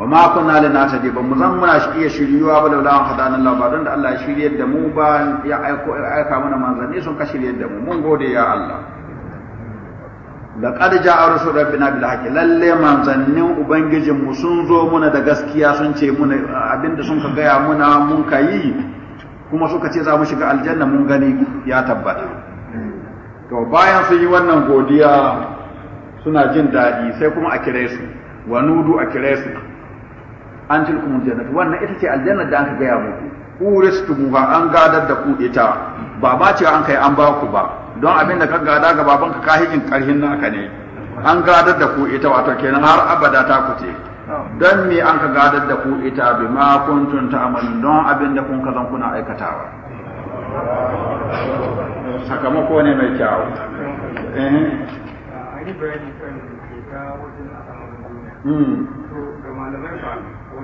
wa ma kunna linatadi ba mu zan muna shi iya shiryuwa ba laula an hadana Allah ba don da Allah ya shiryar da mu ba ya aiko aika mana manzanni sun ka shiryar da mu mun gode ya Allah laqad ja'a rasul rabbina bil haqq lalle manzannin ubangijin mu sun zo muna da gaskiya sun ce muna abinda sun ka gaya muna mun yi? kuma suka ce za mu shiga aljanna mun gani ya tabbata to bayan sun yi wannan godiya suna jin daɗi sai kuma a kire su wa nudu a kire su an tilkum jannatu wannan ita ce aljannar da aka gaya muku uristumuha an gadar da ku ita ba ba ce an kai an ba ku ba don abin da ka gada ga babanka kahikin karhin naka ne an gadar da ku ita wato kenan har abada ta ku ce don me an ka gadar da ku ita bi ma kuntum ta'malun don abin da kun kazan kuna aikatawa sakamako ne mai kyau eh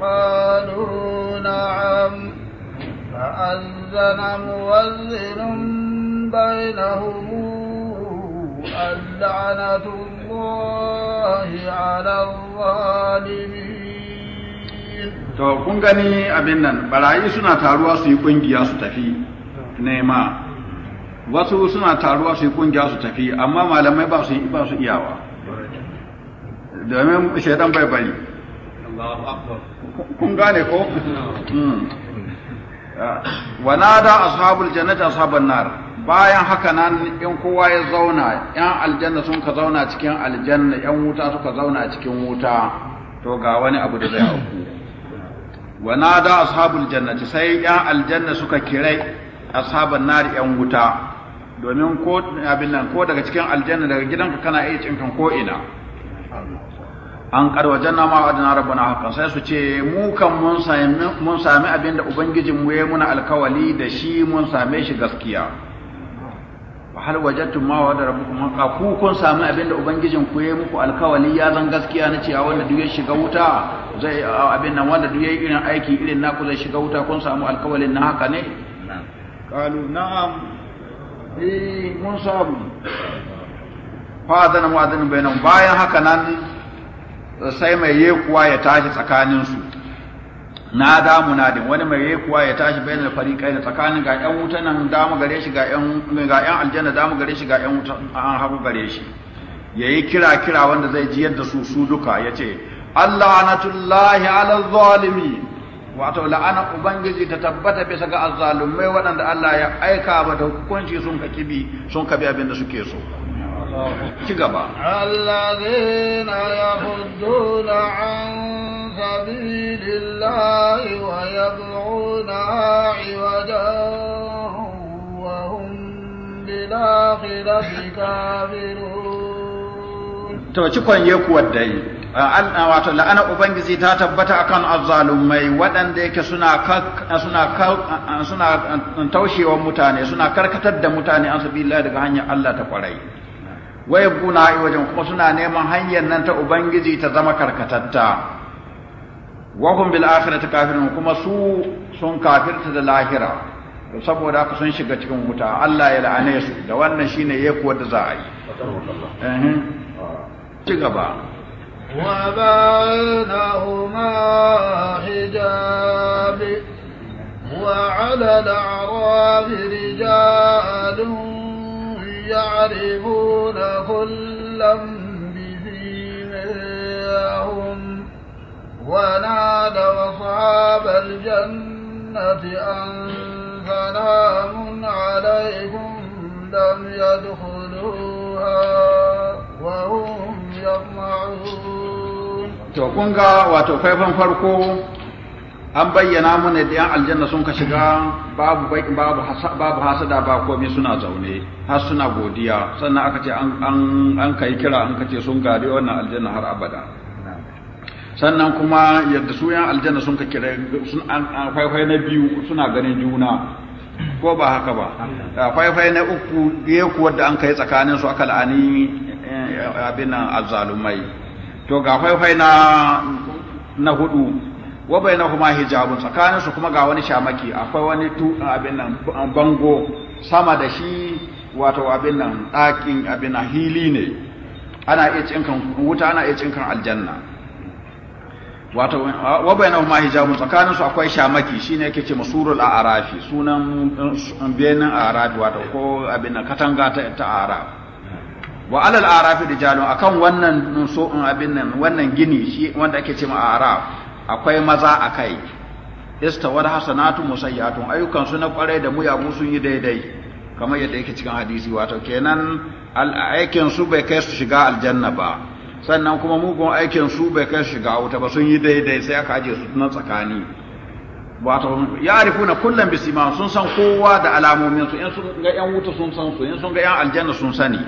قالوا نعم فأذن مؤذن بينهم اللعنة الله على الظالمين to kun gani abin nan barayi suna taruwa su yi kungiya su tafi nema wasu suna taruwa su yi kungiya su tafi amma malamai ba su iyawa domin shaidan bai bari kun gane ko hmm. da ashabul jannati ashabun nar bayan haka nan in kowa ya zauna yan aljanna sun ka zauna cikin aljanna yan wuta suka zauna cikin wuta to ga wani abu da zai auku da ashabul jannati sai yan aljanna suka kirai ashabun nar yan wuta domin ko abin nan ko daga cikin aljanna daga gidanka kana iya cinkan ko ina an janna ma adana rabbana haqqan sai su ce mu kan mun sami mun sami abin da ubangijin mu ya muna alkawali da shi mun same shi gaskiya wa hal wajadtum ma wa'ada rabbukum haqqa ku kun sami abin da ubangijin ku ya muku alkawali ya zan gaskiya na cewa wanda duk ya shiga wuta zai abin nan wanda duk ya yi irin aiki irin naku zai shiga wuta kun samu alkawalin na haka ne qalu na'am eh mun samu fa adana mu'adin bainahum bayan haka nan sai mai kuwa ya tashi tsakaninsu na damu na din wani mai kuwa ya tashi bayan da kai da tsakanin ga ƴan wuta nan damu gare shi ga ƴan aljanna damu gare shi ga ƴan wuta an hagu gare shi yayi kira kira wanda zai ji yadda su su duka Ya ce, Allah na tullahi ala zalimi wato la'ana ubangiji ta tabbata bisa ga azzalumai waɗanda Allah ya aika ba da hukunci sun ka kibi sun ka bi abin da suke so ci gaba alladhina yahudduna an sabilillahi wa yab'una iwajahu wa hum bil fi kafirun to ci kwanye kuwa dai wato la'ana ubangiji ta tabbata akan azzalumai waɗanda yake suna suna suna taushewa mutane suna karkatar da mutane an daga hanyar Allah ta kwarai na a wajen kuma suna neman hanyar nan ta ubangiji ta zama karkatatta wa hum bil akhirati kafirun kuma su sun kafirta da lahira saboda haka sun shiga cikin wuta Allah ya la'ane su da wannan shine yake wanda za a yi ci gaba وبينهما يعرفون كلا بسيماهم ونادوا أصحاب الجنة أن سلام عليكم لم يدخلوها وهم يطمعون. To kun ga wato faifan farko an bayyana mana da yan aljanna sun ka shiga babu babu babu hasada ba komai suna zaune har suna godiya sannan aka ce an an an kai kira an kace sun gari wannan aljanna har abada sannan kuma yadda su yan aljanna sun ka kira sun an faifai na biyu suna ganin juna ko ba haka ba faifai na uku ya kuwa da an kai tsakanin su aka la'ani eh, abin nan azzalumai to ga faifai na na hudu wa bainahuma hijabun tsakanin su kuma ga wani shamaki akwai wani tu abin nan bango sama da shi wato abin nan ɗakin abin nan hili ne ana iya cinkan wuta ana iya cinkan aljanna wato wa bainahuma hijabun tsakanin su akwai shamaki shine yake ce masurul arafi sunan eh, benin arafi wato ko abin nan katanga ta ta wa alal arafi dijalun akan wannan so abin nan wannan gini shi wanda ake ce ma araf akwai maza a kai istawar hasanatu musayyatun ayyukan su na kwarai da muyagu sun yi daidai kamar yadda yake cikin hadisi wato kenan aikin su bai kai su shiga aljanna ba sannan kuma mugun aikin su bai kai su shiga wuta ba sun yi daidai sai aka aje su na tsakani wato na kullam bisima sun san kowa da alamomin su in sun ga yan wuta sun san su in sun ga yan aljanna sun sani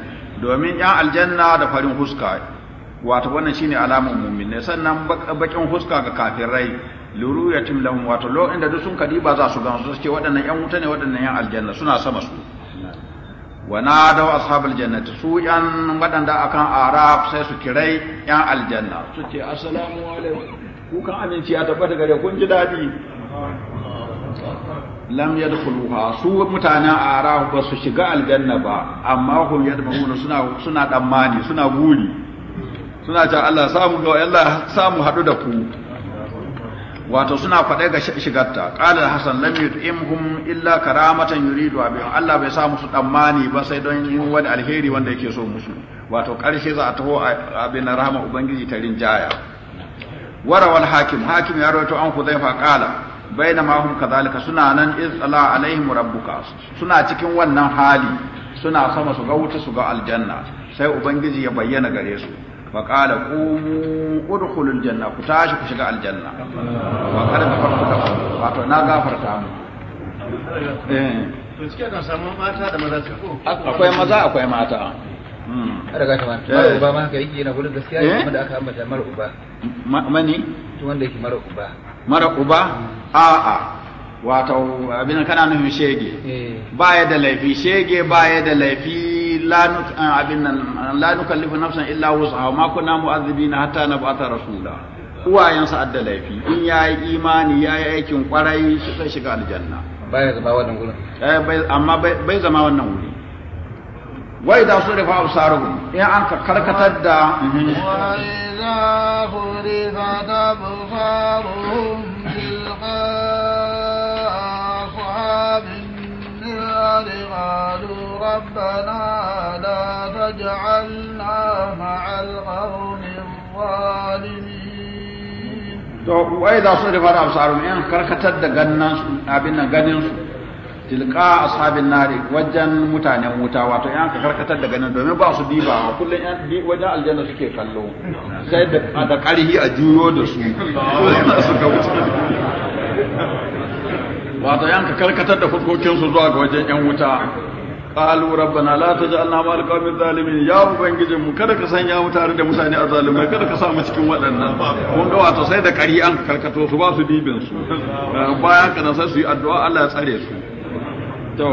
domin yan aljanna da farin huska wato wannan shine alamar mu'min sannan bakin fuska ga kafirai luruyatim lahum wato lo inda duk sun kadiba za su gan su ce waɗannan yan wuta ne waɗannan yan aljanna suna sama su wa nadaw ashabul jannati su yan waɗanda akan araf sai su kirai yan aljanna su ce assalamu alaikum ku kan aminci ya tabbata gare kun ji dadi lam yadkhuluha su mutanen araf ba su shiga aljanna ba amma hum yadmuna suna suna damani suna guri suna ta Allah samu ga Allah samu hadu da ku wato suna faɗa ga shigarta qala hasan lam yut'imhum illa karamatan yuridu abi Allah bai samu su tsammani ba sai don yin wani alheri wanda yake so musu wato karshe za a taho abin rahama ubangiji ta rinjaya warawal hakim hakim ya rawaito an ku huzaifa qala ma hum kadhalika suna nan iz ala alaihim rabbuka suna cikin wannan hali suna sama su ga wuta su ga aljanna sai ubangiji ya bayyana gare su فقال قوموا ادخلوا الجنة كتاش كشغا الجنه وقال غفرت لكم واتو نا غفرت عنه akwai maza akwai mata hmm. daga eh. ma yana gudun gaskiya ne eh? wanda aka ambata mara uba mani wanda yake mara uba mara uba wato abin kana nufin shege eh. baya da laifi shege baya da laifi illa abin nan la nukallifu nafsan illa wusaha ma kunna mu'adhibina hatta nab'atha rasula uwayensa adda laifi in yayi imani yayi aikin kwarai shi zai shiga aljanna baya zama wannan gurin eh bai amma bai zama wannan wuri wai da su rufa absaruhum in an ka karkatar da wai da su rufa absaruhum fil النار قالوا ربنا لا تجعلنا مع القوم الظالمين وإذا إذا أبصارهم إن كركتت دغنن أبنا غنن tilka ashabin nari wajen mutanen wuta wato yan ka karkatar daga nan domin ba su diba wa kullum yan wajen aljanna suke kallo sai da ƙarhi a juyo da ta yanka karkatar da fuskokinsu zuwa ga wajen yan wuta qalu rabbana la taj'alna ma'al qawmi zalimin ya ubangijin mu kada ka sanya mu tare da mutane azzalimai kada ka sa mu cikin waɗannan kun ga wato sai da ƙari an karkato su ba su dibin su bayan kana sai su yi addu'a Allah ya tsare su to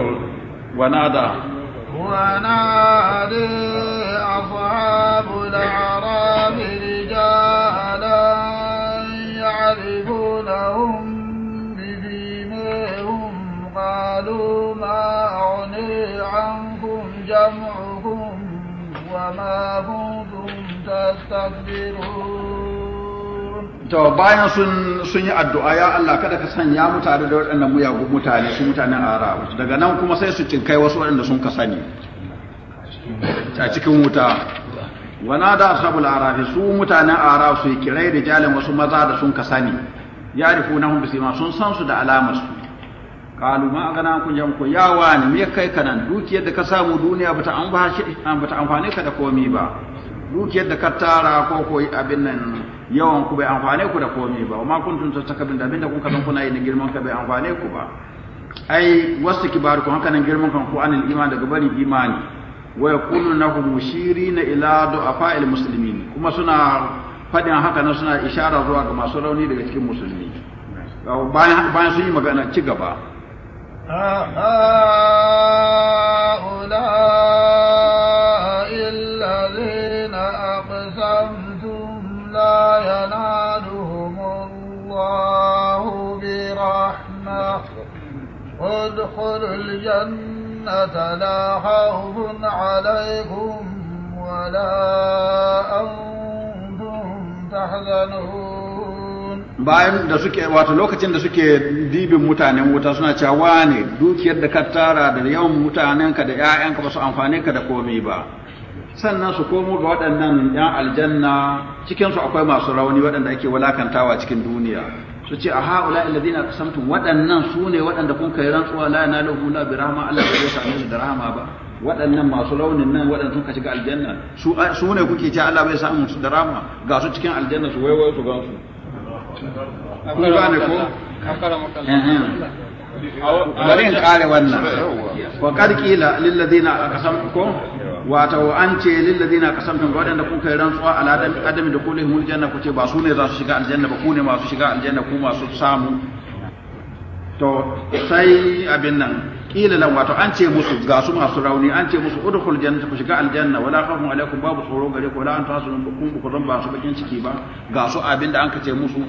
wanada ونادي afabul arabi اعملوا ما أغني عنكم جمعهم وما كنتم تستكبرون to bayan sun sun yi addu'a ya Allah kada ka sanya mutane da waɗannan muyagun mutane su mutanen Arab daga nan kuma sai su cinkai wasu waɗanda sun ka sani a cikin wuta wana da ashabul arafi su mutanen arab su kirai da jalin wasu maza da sun ka sani ya rifu na hun bisima sun san su da alamar su qalu ma agana kun jam ku. ya wani me kai kanan dukiyar da ka samu duniya bata an ba shi an bata amfane ka da komi ba dukiyar da ka tara ko ko abin nan yawan ku bai amfane ku da komi ba ma kuntum tastakabin da abinda kun ka kuna yin na girman ka bai amfane ku ba ai wasu kibaru kun haka nan girman kan ku anil iman daga bari imani wa yakunu nahum mushirina ila du'afa al muslimin kuma suna fadin haka nan suna isharar zuwa ga masu rauni daga cikin musulmi bayan sun yi magana ci gaba أهؤلاء الذين أقسمتم لا ينالهم الله برحمة ادخلوا الجنة لا خوف عليكم ولا أنتم تحزنون bayan da suke wato lokacin da suke dibin mutanen wuta suna cewa ne dukiyar da ka tara da yawan mutanen ka da 'ya'yanka ba su amfane ka da komai ba sannan su komo ga waɗannan 'yan aljanna cikinsu akwai masu rauni waɗanda ake walakantawa cikin duniya su ce a ha'ula alladhina qasamtum waɗannan su ne waɗanda kun kai rantsuwa la yanaluhu la bi rahma Allah ba zai same su da rahama ba waɗannan masu raunin nan waɗanda sun shiga aljanna su ne kuke ce Allah bai samu su da rahama ga su cikin aljanna su waiwai su gansu kun gane ko eh, eh. bari in kare wannan wa kad qila lil ladina aqsamtukum wato an ce lil ladina aqsamtum wadanda kun kai rantsuwa ala adam adam da kullu mul janna ku ce ba su ne za su shiga aljanna ba ku ne masu shiga aljanna ku masu samu to sai abin nan kila lan wato an ce musu ga su masu rauni an ce musu udkhul jannata shiga aljanna wala babu tsoro gare ku wala ba su bakin ciki ba ga su an ce musu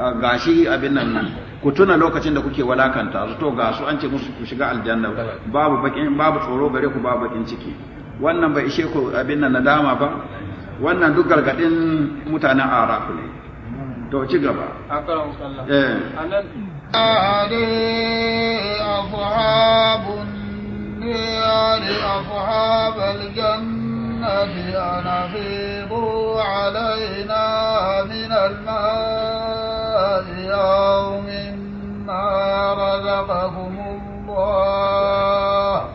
Ah, gashi abin nan ku tuna lokacin da kuke walakanta zato to ga su an ce musu ku shiga aljanna babu bakin babu tsoro gare ku babu bakin ciki wannan bai ishe ku abin nan nadama ba wannan duk gargadin mutanen araku ne to ci gaba eh a ashabun النار أصحاب الجنة أن علينا من الماء أزياء مما رزقهم الله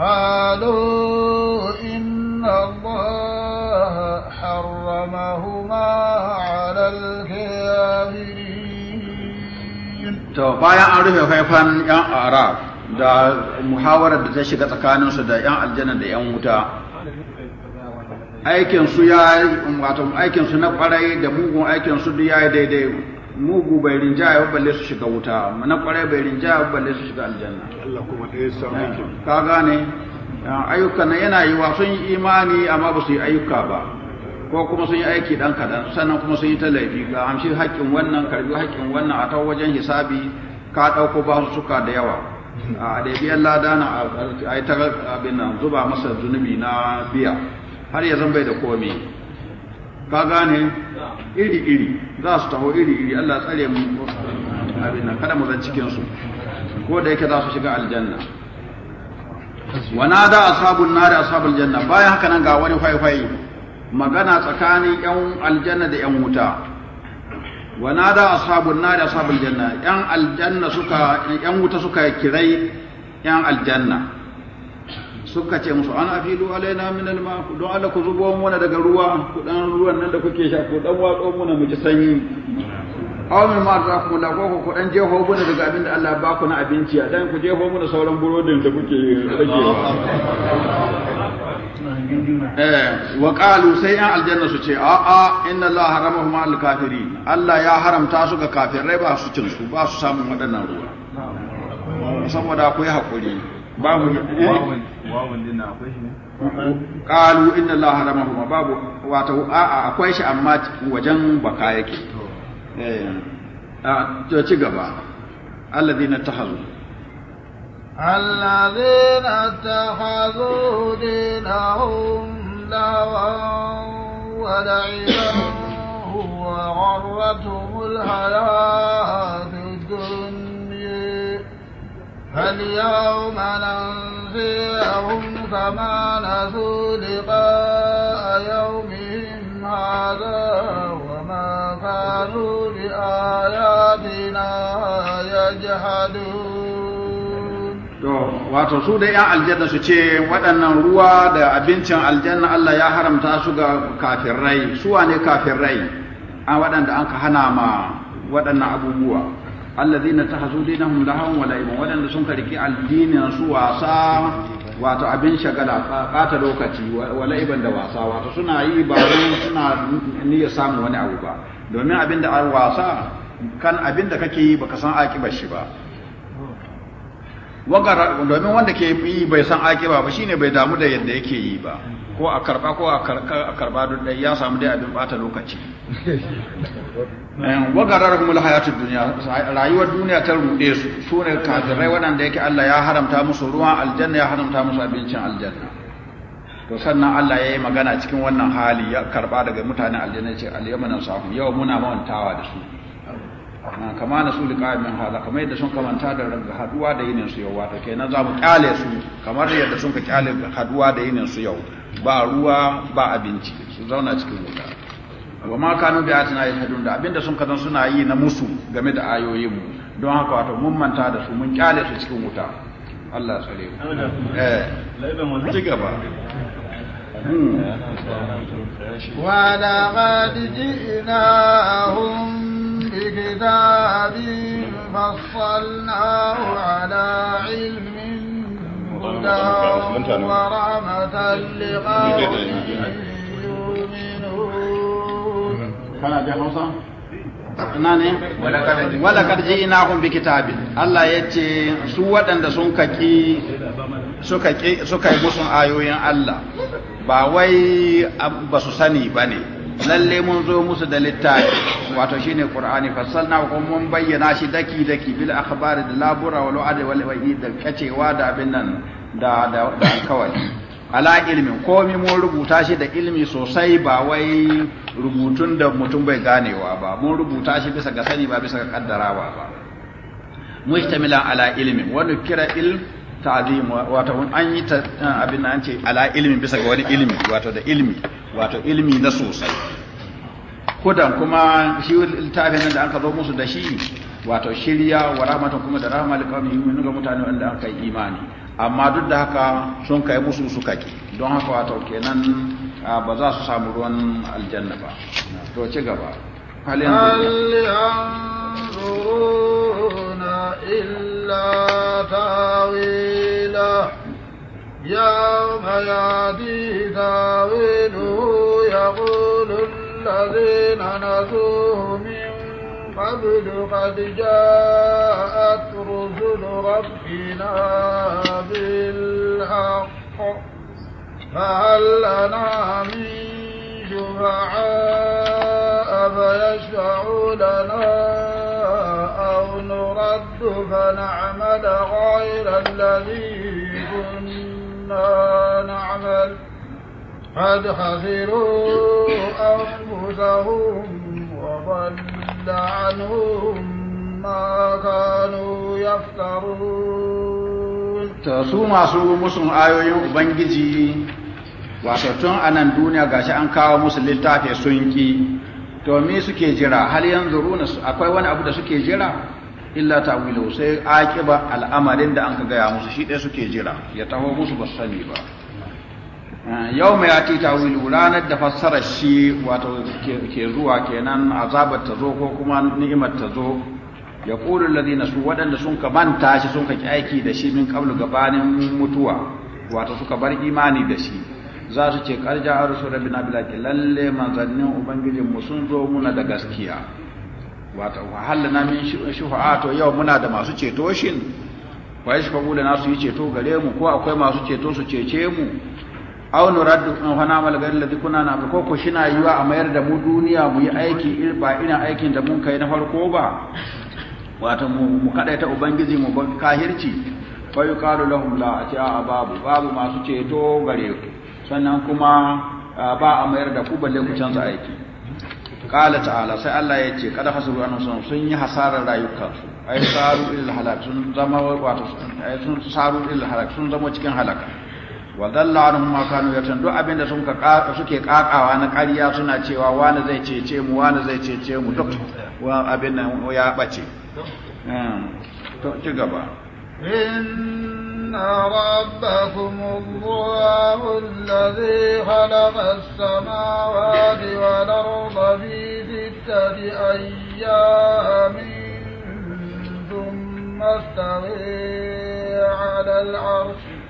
قالوا إن الله حرمهما على الكافرين تو بايا أعرف فيفان يا أعراف da muhawarar da ta shiga tsakaninsu da 'yan aljanna da 'yan wuta aikin su ya wato aikin su na kwarai da mugun aikin su duk yayi daidai mugu bai rinjaya ba balle su shiga wuta na kwarai bai rinjaya ba balle su shiga aljanna Allah kuma da ya samu ka gane ayyukan na yana wa sun yi imani amma ba su yi ayyuka ba ko kuma sun yi aiki dan kadan sannan kuma sun yi talafi ga amshi haƙƙin wannan karbi haƙƙin wannan a ta wajen hisabi ka ɗauko ba su suka da yawa a da biyan lada na a ta abin nan zuba masa zunubi na biya har ya zan bai da komi. ka gane iri iri za su taho iri iri Allah tsare mu abin nan kada mu zan cikin su ko da yake za su shiga aljanna wa nada ashabun nar ashabul janna bayan haka nan ga wani faifai magana tsakanin yan aljanna da yan wuta wa nada ashabun nar ashabul janna yan aljanna suka yan wuta suka kirai yan aljanna suka ce musu ana afilu alaina min alma don Allah ku zubo mana daga ruwa ku dan ruwan nan da kuke sha ku dan watso mana mu ji sanyi aw min ma za ku la ko ku dan jeho mana daga abin da Allah ba ku na abinci dan ku jeho mana sauran burodin da kuke rage eh wa qalu sai an aljanna su ce a a inna Allah haramahu ma alkafiri Allah ya haramta su ga kafirai ba su cin su ba su samun wadannan ruwa saboda akwai hakuri babu qalu inna allaha haramahuma babu wato a'a akwai shi amma wajen baka yake eh to ci gaba alladhina tahazu الذين اتخذوا دينهم لهوا ولعبا وغرتهم الحياة الدنيا فاليوم ننسيهم كما نسوا لقاء يومهم هذا وما كانوا بآياتنا يجحدون wato su da 'yan aljanna su ce waɗannan ruwa da abincin aljanna Allah ya haramta su ga kafirai su wane kafirai an waɗanda an ka hana ma waɗannan abubuwa alladhina tahazu dinahum lahum wa wa wadanda sun karki na su wasa wato abin shagala bata lokaci wa la'iban da wasa wato suna yi ba suna ya samu wani abu ba domin abin da wasa kan abin da kake yi baka san akibar shi ba domin wanda ke yi bai san akiba ba shine bai damu da yadda yake yi ba ko a karba ko a karba duk dai ya samu dai abin bata lokaci eh, wagarar kuma hayatu duniya rayuwar duniya ta rude su su ne kafirai waɗanda yake Allah ya haramta musu ruwan aljanna ya haramta musu abincin aljanna to sannan Allah ya yi magana cikin wannan hali ya karba daga mutanen aljanna ce al-yawma yau muna mawantawa da su kama na su liƙa'in min hala kamar yadda sun kamanta da haduwa da yinin su yau wato kenan za mu kyale su kamar yadda sun ka kyale haduwa da yinin su yau ba ruwa ba abinci su zauna cikin wuta wa ma kanu bi atina yahdun da abinda sun kazan suna yi na musu game da ayoyin mu don haka wato mun manta da su mun kyale su cikin wuta Allah sare mu eh laiban ci gaba hmm. wa la qad ji'nahum بكتاب فصلناه ala ilmin هدى ورحمة لقوم يؤمنون كان wala karji ina bi Allah ya ce su waɗanda sun kaki suka ki suka yi musun ayoyin Allah ba wai ba su sani ba ne lalle mun zo musu da littafi wato shine qur'ani fassalna ko mun bayyana shi daki daki bil akhbari da labura wal wa'd wal wa'id da kacewa da abin nan da da alkawari ala ilmin komi mun rubuta shi da ilmi sosai ba wai rubutun da mutum bai ganewa ba mun rubuta shi bisa ga sani ba bisa ga kaddarawa ba mujtamilan ala ilmin wani kira ilm ta'zim wato an yi ta abin an ce ala ilmin bisa ga wani ilmi wato da ilmi wato ilmi na sosai kudan kuma shi littafin da aka zo musu da shi wato shirya wa rahmatan kuma da rahmal kawai yu'minu ga mutane wanda aka yi imani amma duk da haka sun kai musu suka don haka wato kenan ba za su samu ruwan aljanna ba to ci gaba hal yanzuruna illa tawila يوم يأتي تاويله يقول الذين نسوه من قبل قد جاءت رسل ربنا بالحق فهل لنا من شفعاء فيشفعوا لنا أو نرد فنعمل غير الذي كنا نعمل قد خسروا أنفسهم وضلوا يرد su masu musu ayoyin ubangiji wato tun a nan duniya gashi an kawo musu littafi sun ki to me suke jira hal yanzu runa akwai wani abu da suke jira illa ta'wilu sai aƙiba al'amarin da an gaya musu shi ɗaya suke jira ya taho musu ba sani ba yau mai yati tawilu ranar da fassarar shi wato ke zuwa kenan azabar ta zo ko kuma ni'imar ta zo ya ƙulun ladina su waɗanda sun ka manta shi sun ka ki aiki da shi min ƙablu gabanin mutuwa wato suka bar imani da shi za su ce ƙarja a rasu, rabbi na bilaki lalle manzannin ubangijin mu sun zo muna da gaskiya wato wahala na min shufa'a to yau muna da masu ceto shin wa yashfa na su yi ceto gare mu ko akwai masu ceto su cece mu aw raddu kuma fa na'mal ghayr kuna na na'mal ko ko shina yiwa a mayar da mu duniya mu yi aiki ba ina aikin da mun kai na farko ba wato mu mu kadaita ubangiji mu ban kahirci fa yuqalu lahum la ce a babu babu masu ceto gare ku sannan kuma ba a mayar da ku balle ku canza aiki qala ta'ala sai Allah ya ce kada hasaru an sun sun yi hasarar rayukansu ay saru ilal halak sun zama wato sun saru ilal halak sun zama cikin halaka wa dalla anhum ma kanu yatan abinda sun ka suke kakawa na ƙarya suna cewa wani zai cece mu wani zai cece mu duk wa abin nan ya bace to ci gaba inna rabbakum allahu alladhi khalaqa as-samawati wal arda fi sittati ayyamin thumma istawa 'ala al-'arshi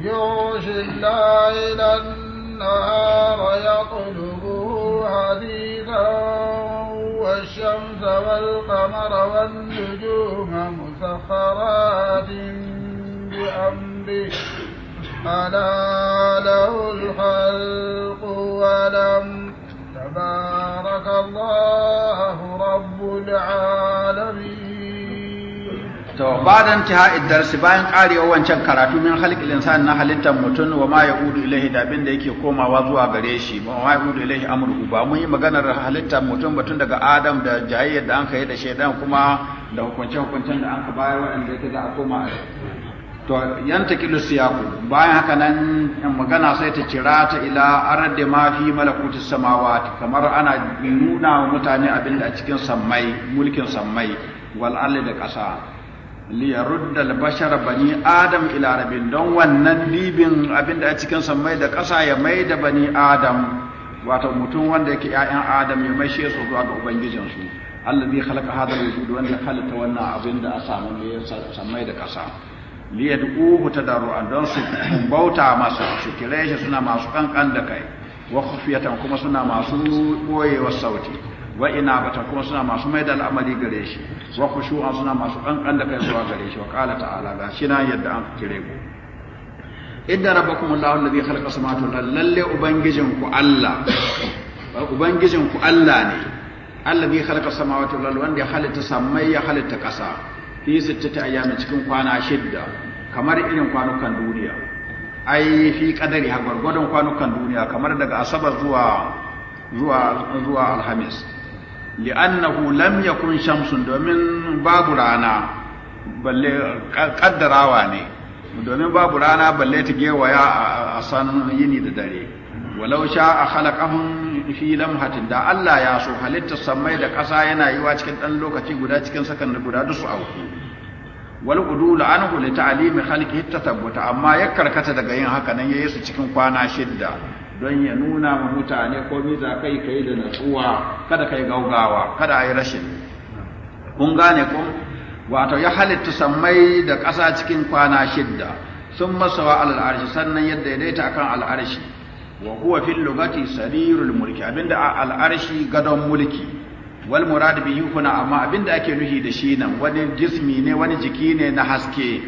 يغشي الليل النهار يطلبه حديثا والشمس والقمر والنجوم مسخرات بأمره ألا له الخلق ولم تبارك الله رب العالمين to bayan intihai darsi bayan karewa wancan karatu min khalqil insani na halittar mutum wa ma yaudu ilaihi da abin da yake komawa zuwa gare shi wa ma yaudu ilaihi amruhu ba mun yi maganar halittar mutum batun daga adam da jayayyar da an kai da shaidan kuma da hukunce hukuncen da an bayar waɗanda yake za a koma to kilu siyaku bayan haka nan magana sai ta kira ta ila arad ma fi malakutis samawati kamar ana nuna wa mutane abin da a cikin sammai mulkin sammai wal da ƙasa liyarudda albashar bani adam ila rabin don wannan libin abinda a cikin sammai da ƙasa ya mai da bani adam wato mutum wanda yake ƴaƴan adam ya maishe su zuwa ga su allazi khalaqa hada alwujud wanda halatta wannan abin a samu ne sammai da ƙasa liyad'uhu tadarruan don su bauta masa su kire shi suna masu kankan da kai wa khufiyatan kuma suna masu boyewa sauti wa ina bata kuma suna masu mai da al'amari gare shi wa khushu'an suna masu kankan da kai zuwa gare shi wa qala ta'ala ga shi na yadda an kire ku idda rabbakum allahu alladhi khalaqa samawati wal ardi lalle ubangijin ku Allah ubangijin ku Allah ne alladhi khalaqa samawati wal ardi wanda ya halitta samai ya halitta kasa fi sittati ayyamin cikin kwana shidda kamar irin kwanukan duniya ai fi kadari ha gwargwadon kwanukan duniya kamar daga asabar zuwa zuwa zuwa alhamis li'annahu lam yakun shamsun domin babu rana balle kaddarawa ne domin babu rana balle ta gewaya a san yini da dare Walausha, sha a khalaqahum fi lamhatin da Allah ya so halitta samai da ƙasa yana yiwa cikin dan lokaci guda cikin sakan guda dusu auku wal qudul anhu li ta'limi khalqihi tatabbuta amma ya karkata daga yin haka nan yi su cikin kwana shidda don ya nuna ma mutane ko za kai kai da natsuwa kada kai gaugawa kada ayi rashin kun gane kun wato ya halitta sammai da ƙasa cikin kwana shidda sun masawa al'arshi arshi sannan ya daidaita akan al'arshi. arshi wa huwa fil lugati sarirul mulki abinda al arshi gadon mulki wal murad bi yukuna amma abinda ake nuhi da shi nan wani jismi ne wani jiki ne na haske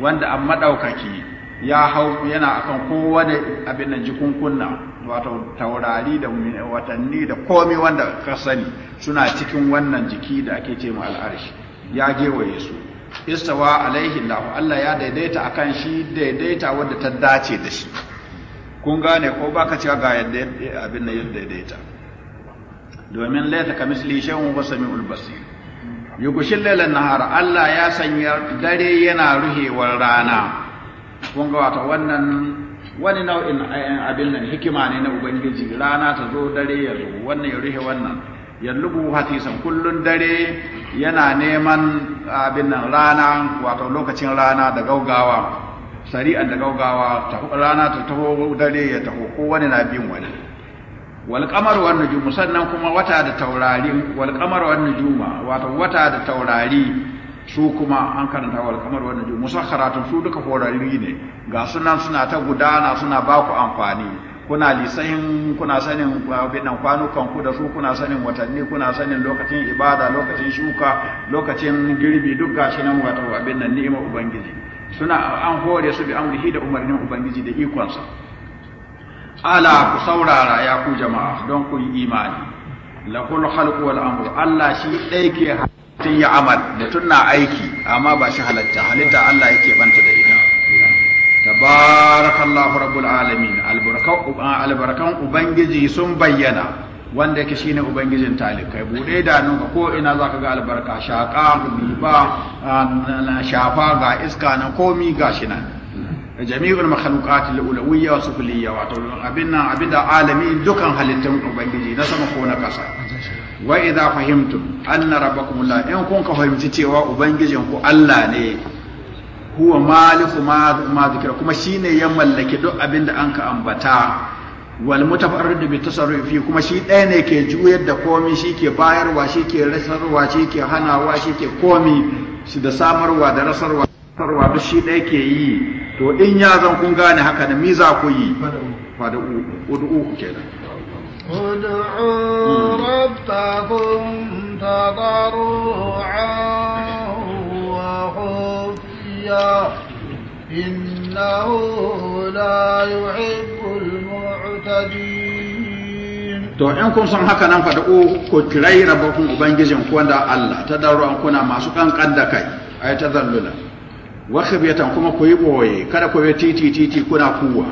wanda an madaukaki ya hau yana akan kowa da abin nan kunna, wato taurari da watanni da komi wanda ka sani suna cikin wannan jiki da ake ce mu al'arshi ya gewaye su istawa alaihi Allah Allah ya daidaita akan shi daidaita wanda ta dace da shi kun gane ko baka cewa ga yadda abin nan ya daidaita domin laita kamisli shay'un wa sami'ul basir yughshil layla nahara Allah ya sanya dare yana ruhewar rana kun ga wata wannan wani nau'in eh, eh, abin nan hikima ne na ubangiji rana ta zo dare ya zo wannan ya rihe wannan yallubu hatisan kullun dare yana neman abin nan rana wato lokacin rana da gaugawa sari'an da gaugawa rana ta taho dare ya taho ko wani na bin wani wal kamar wan nujum sannan kuma wata da taurari wal kamar wan nujuma wato wata da taurari su kuma an karanta wal kamar wannan jin musakharatun su duka horarri ne ga sunan suna ta gudana suna ba ku amfani kuna lisanin kuna sanin bidan kwanukan ku da su kuna sanin watanni kuna sanin lokacin ibada lokacin shuka lokacin girbi duk gashi nan wato abin nan ni'imar ubangiji suna an hore su bi amrihi da umarnin ubangiji da ikonsa ala ku saurara ya ku jama'a don ku yi imani lakul khalqu wal amru Allah shi dai ke tun yi amal tun na aiki amma ba shi halatta halitta Allah yake banta da ita tabarakallahu rabbul alamin albarakan ubangiji sun bayyana wanda yake shine ubangijin talikai bude idanun ka ko ina zaka ga albarka shaka ba shafa ga iska na komi gashi nan jami'ul makhluqat al-ulawiyya wa sufliyya wa abinna abida alamin dukan halittun ubangiji na sama ko na kasa wa idza fahimtum anna rabbakum la in kun ka fahimci cewa ubangijin ku Allah ne huwa maliku ma ma zikra kuma shine ya mallaki duk abin da anka ambata wal mutafarrid bi tasarrufi kuma shi ɗaya ne ke juyar da komi shi ke bayarwa shi ke rasarwa shi ke hanawa shi ke komi shi da samarwa da rasarwa sarwa duk shi ɗaya ke yi to in ya zan kun gane haka da mi za ku yi fa da uku kenan ادعوا ربكم to in kun san haka nan faɗa ko kirai rabakun ubangijin ku wanda Allah ta dauro an kuna masu kankan kai ai ta zallula wa khibiyatan kuma ku yi kada ku yi titi titi kuna kuwa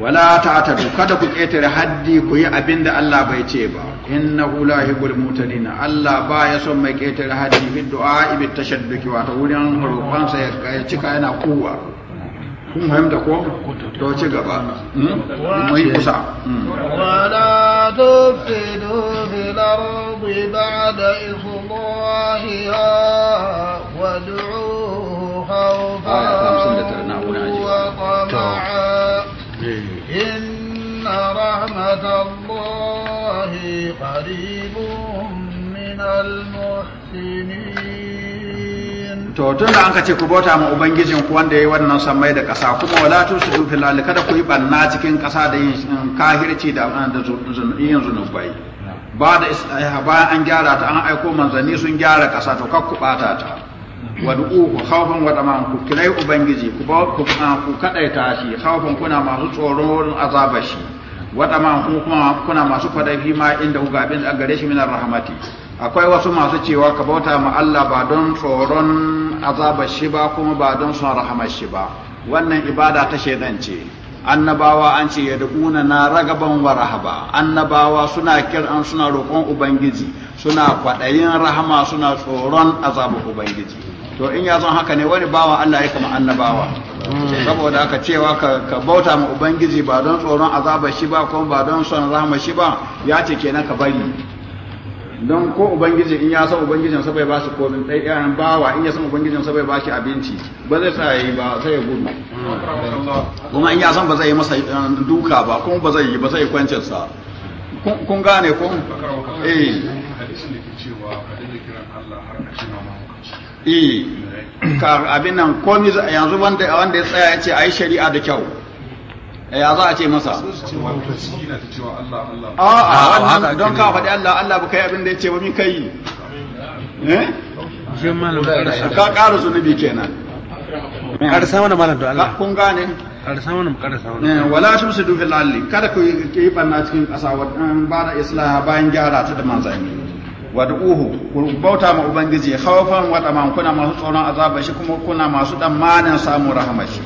wala ta ta kada ku ƙetare haddi ku yi abin da Allah bai ce ba inna la yuhibbul mutanina Allah ba ya son mai ƙetare haddi bi du'a bi tashadduki wato wurin roƙon sa ya cika yana kuwa kun fahimta ko to ci gaba hmm? mu yi kusa hmm. wala tufsidu fil ardi ba'da islahiha wad'uhu khawfan wa رحمة الله قريب من المحسنين to tun da an ka ce ku bauta ma ubangijin ku wanda yayi wannan sammai da ƙasa kuma wala su fil al kada ku yi banna cikin ƙasa da yin um, kahirci da um, da yin zunubai ba da eh, ba an gyara ta an aiko manzanni sun gyara ƙasa to kakku bata ta wad'uhu khawfan wa taman ku kirai ubangiji ku ba ku um, ku kadaita shi khawfan kuna masu tsoron azabar shi wata ma kuma kuna masu kwadafi ma inda ku gabin a gare shi minar rahamati akwai wasu masu cewa ka bauta ma Allah ba don tsoron azabar shi ba kuma ba don son rahamar shi ba wannan ibada ta shaidan ce annabawa an ce yad'una na ragaban wa rahaba annabawa suna kiran suna roƙon ubangiji suna kwaɗayin rahama suna tsoron azabar ubangiji to in ya zan haka ne wani bawa Allah ya kama annabawa saboda aka cewa ka bauta ma ubangiji ba don tsoron azabar shi ba kuma ba don son rahama shi ba ya ce kenan ka bari don ko ubangiji in ya san ubangijin sa bai ba shi komin dai yaran bawa in ya san ubangijin sa bai ba shi abinci ba zai sa yi ba sai ya gudu kuma in ya san ba zai yi masa eh, duka ba kuma ba zai yi ba zai kwancin sa kun gane kun eh hadisin da ke cewa kadin kiran eh ka abin nan komi yanzu wanda wanda ya tsaya ya ce ai shari'a da kyau eh, ya za a ce masa a'a don ka faɗi Allah Allah ba kai abin da ya ce ba mi kai eh ka ƙara zunubi kenan ƙarsa eh. wani malam da Allah kun gane ƙarsa wani ƙarsa wani eh, wala su fil lalli kada ku yi banna cikin ƙasa wa mm, ba da islaha bayan gyara ta da manzanni wad'uhu ku bauta ma ubangiji khawfan wa tamam kuna masu tsoron azaba shi kuma kuna masu damanin samu rahama shi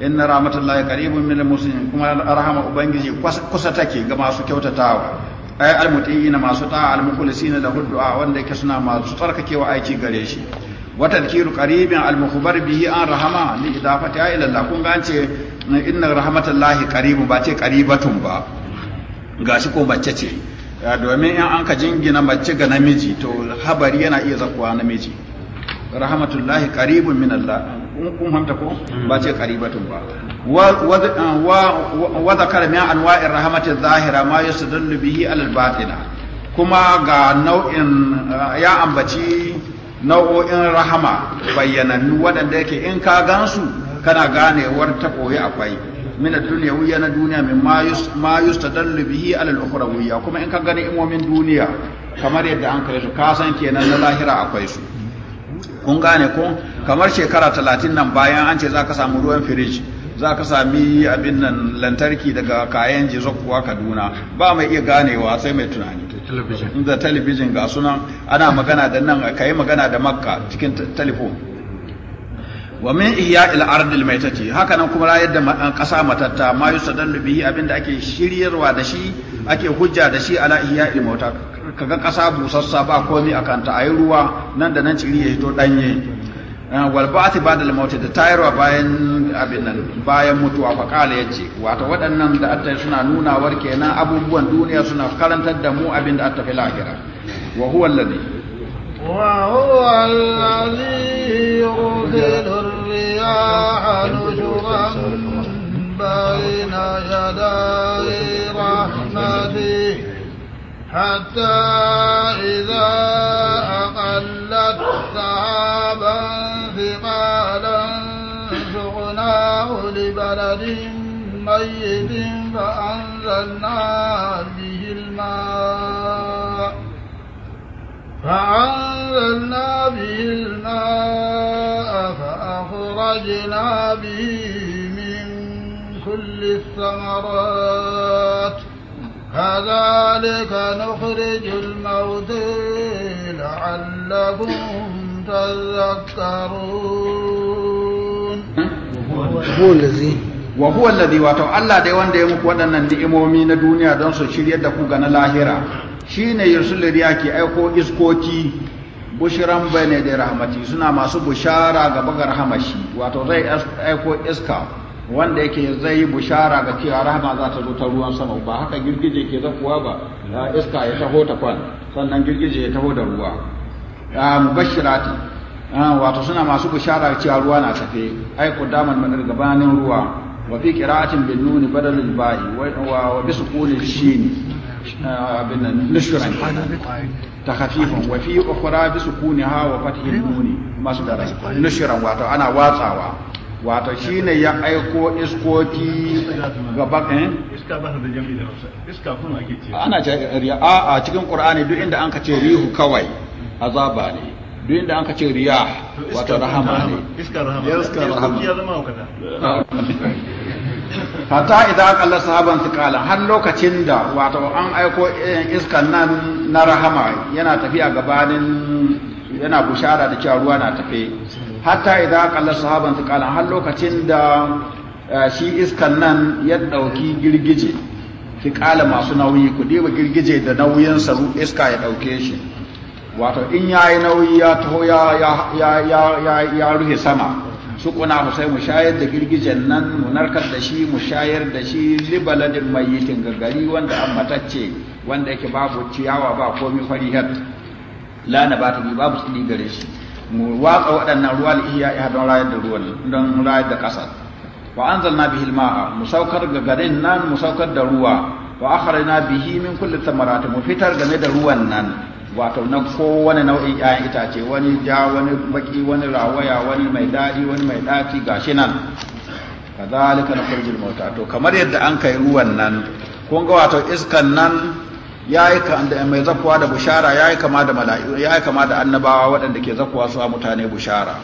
inna rahmatullahi qaribun min muslimin kuma rahama ubangiji kusa take ga masu kyautatawa ay almutiina masu ta'a almukhlisina lahu du'a wanda yake suna masu tsarkakewa aiki gare shi wa tadhkiru qaribin almukhbar bihi an rahama li idafati ila Allah kun ga ce inna rahmatullahi qaribun ba ce qaribatun ba gashi ko bacce ce domin in an ka jingina mace ga namiji to habari yana iya zakuwa namiji rahmatullahi qaribun min Allah kun fahimta ko ba ce qaribatun ba wa zakara min anwa'ir rahmatil zahira ma yastadallu bihi alal batina kuma ga nau'in ya ambaci nau'o'in rahama bayyanannu waɗanda yake in ka gansu kana ganewar ta koyi akwai min ad wuya na duniya mai ma yus ma yustadallu bihi wuya kuma in ka gani imomin duniya kamar yadda an kai su kasan kenan na lahira akwai su kun gane ko kamar shekara talatin nan bayan an ce za ka samu ruwan firiji za ka sami abin lantarki daga kayan jizo kuwa kaduna ba mai iya ganewa sai mai tunani da talabijin ga sunan ana magana da nan ka yi magana da makka cikin telefon wa min iya il ardil maitati haka nan kuma rayar da ƙasa matatta ma yusadallu bihi abinda ake shiryarwa da shi ake hujja da shi ala iya il mauta kaga ƙasa busassa ba komai akan ta ayi ruwa nan da nan ciri ya hito danye eh, wal ba'ati ba'da da maut da tayarwa bayan abin nan bayan mutuwa fa qala yace wato waɗannan da atta suna nunawar kenan abubuwan duniya suna karantar da mu abin da atta fi lahira wa huwa alladhi بين يدي رحمتي حتى إذا أقلت سحابا ثقالا سقناه لبلد ميت فأنزلنا به الماء فأنزلنا به الماء فأخرجنا به من كل الثمرات كذلك نخرج الموتى لعلكم تذكرون هو الذي wa huwa alladhi wato Allah dai wanda ya muku waɗannan ni'imomi na duniya don su shiryar da ku ga na lahira shine yursul riya ke aiko iskoki bushiran bane da rahmati suna masu bushara ga bagar hamashi wato zai aiko iska wanda yake zai bushara ga cewa rahama za ta zo ta ruwan sama ba haka girgije ke zakuwa ba iska ya taho ta kwan sannan girgije ya taho da ruwa mubashirati wato suna masu bushara cewa ruwa na tafe aiko damar manar gabanin ruwa wa fi qira'atin bin nuni badalin bayi wa bi sukun shi ne. lishuran ta khafifun wa fi ukhra wa wato ana watsawa wato shine ya aiko iskoki gaba eh iska ba da jami'i da iska kuma ake ce a cikin qur'ani duk inda an ka ce rihu kawai rahama ne iska iska hatta idan kalla sahaban kala har lokacin da wato an aiko eh, iskan nan na rahama yana tafiya gabanin yana bushara da cewa ruwa na tafe hatta idan kalla sahaban kala har lokacin da eh, shi iskan nan ya dauki girgije kala masu nauyi ku diba girgije da nauyin sa iska ya dauke shi wato in yayi nauyi ya taho ya ya ya ya ruhe sama suquna sai mu shayar da girgijen nan mu narkar da shi mu shayar da shi libaladin mayyitin gari wanda an matacce wanda yake babu ciyawa ba komai farihat la nabata bi babu tsili gare shi mu watsa waɗannan ruwa iya ya don rayar da ruwan don rayar da ƙasa wa anzalna bihi alma'a mu saukar ga garin nan mu saukar da ruwa wa akhrajna bihi min kulli thamarati mu fitar game da ruwan nan wato ko wani nau'in ‘ya'yan itace wani ja wani baki wani rawaya wani mai daɗi wani mai ɗaci gashi nan ka na kurjin mota to kamar yadda an kai ruwan nan kun ga wato iskan nan ya yi mai zakuwa da bushara yayi kama da mala'iku ya kama da annabawa waɗanda ke zakuwa su a mutane bushara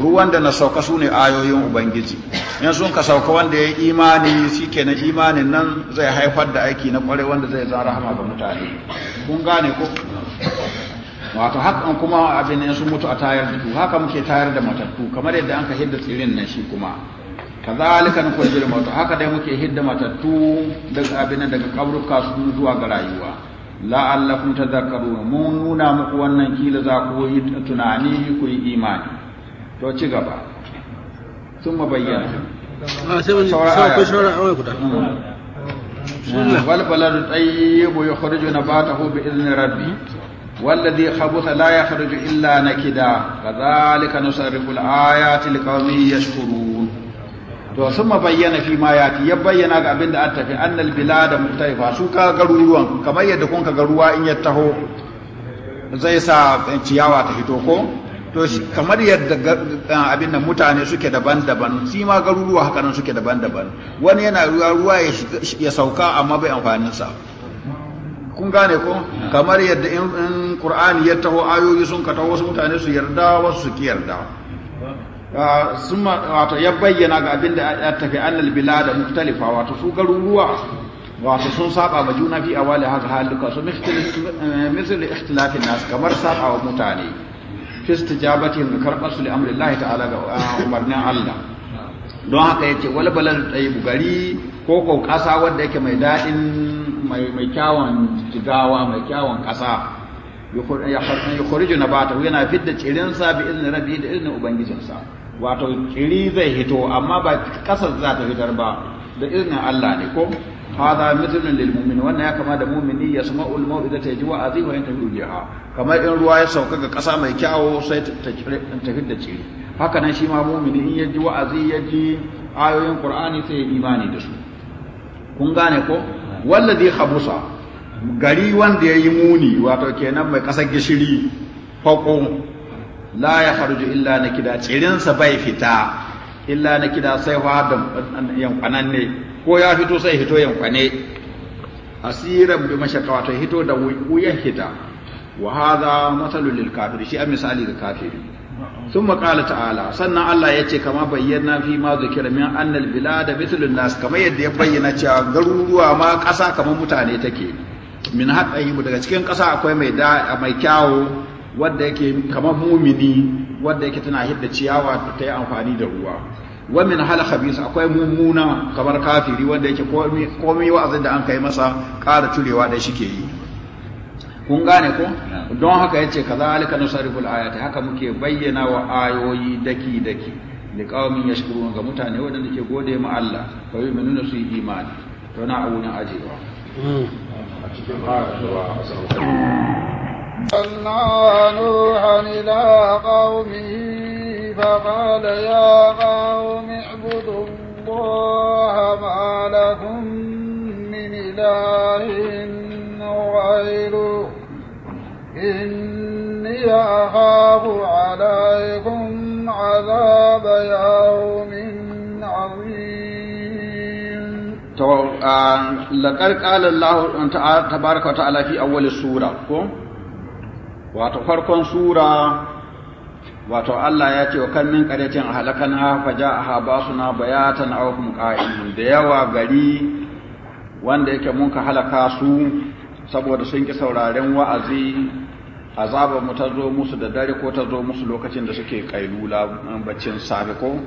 ruwan da na sauka su ne ayoyin ubangiji in sun ka sauka wanda ya yi imani shi ke imanin nan zai haifar da aiki na kwarai wanda zai zara hama ga mutane kun gane ko wato hakan kuma abin in sun mutu a tayar da haka muke tayar da matattu kamar yadda an ka hidda tsirin nan shi kuma kazalika jira mutu haka dai muke hidda matattu daga abin daga kabruka su zuwa ga rayuwa la'allakum tadhakkarun mun nuna muku wannan kila za ku yi tunani ku yi imani to ci gaba sun mabayyana wal baladu tayyibu yukhrijuna batahu bi rabbi والذي خبث لا يخرج إلا نكدا كذلك نصرف الآيات لقوم يشكرون to sun bayyana fi ma ya bayyana ga abin da an tafi annal bilada muktaifa su ka garuruwan kamar yadda kun ka ga ruwa in ya taho zai sa ciyawa ta fito ko to kamar yadda abin da mutane suke daban-daban shi ma garuruwa haka nan suke daban-daban wani yana ruwa ruwa ya sauka amma bai amfanin sa kun gane ko kamar yadda in qur'ani ya taho ayoyi sun ka taho wasu mutane su yarda wasu su ki yarda ah, summa wato ya bayyana ga abinda ya tafi annal bilada mukhtalifa wato su garuruwa wato sun saba ma juna fi awali haka haluka su misal ikhtilafin nas kamar saba wa mutane fi istijabatin karbasu li amrillahi ta'ala ga ah, umarnin Allah don haka ya ce balal tayyibu gari ko ko kasa wanda yake mai dadin mai mai kyawun jigawa mai kyawun kasa na bata yana fidda cirin sa bi izni rabbi da iznin ubangijinsa wato ciri zai hito amma ba kasar za ta fitar ba da izinin Allah ne ko hada mutumin lil mu'min wannan ya kama da mu'mini ya sama'u al ta yaji wa azi wa yantahu biha kamar in ruwa ya sauka ga kasa mai kyawo sai ta fidda ciri haka nan shi ma mumini in ya ji wa'azi ya ji ayoyin qur'ani sai ya imani da su kun gane ko wallazi khabusa gari wanda yayi muni wato kenan mai kasar gishiri fako la ya kharuju illa nakida tsirin sa bai fita illa nakida sai fa da yankwanan ne ko ya fito sai hito yankwane asiran bi mashaka wato hito da wuyan hita wa hadha masalul lil kafir shi a misali ga kafiri sun maƙala ta'ala sannan Allah ya ce kama bayyana fi ma zukira annal bila da nas kamar yadda ya bayyana cewa garuruwa ma ƙasa kamar mutane take min haqqahi daga cikin kasa akwai mai da mai kyawo wanda yake kamar mumini wanda yake tana hidda ciyawa ta yi amfani da ruwa wa min hal akwai mummuna kamar kafiri wanda yake komai wa'azin da an kai masa ƙara turewa da ke yi kun gane ko don haka yace kazalika nusariful ayati haka muke bayyana wa ayoyi daki daki da qaumin yashkurun ga mutane wadanda ke gode ma Allah fa yu'minuna su yi imani to na auna ajewa a cikin ayatuwa فقال يا قوم اعبدوا الله ما لكم من إله غيره إني أخاف عليكم عذاب يوم عظيم تو لقد قال الله تبارك وتعالى في أول السورة وتفرق سورة wato Allah ya ce wa kan min qaryatin ahlakana fa ja'aha basuna bayatan aw hum qa'imun da yawa gari wanda yake mun ka halaka su saboda sun ki sauraren wa'azi azabar mu ta zo musu da dare ko ta zo musu lokacin da suke kailula um, baccin safe ko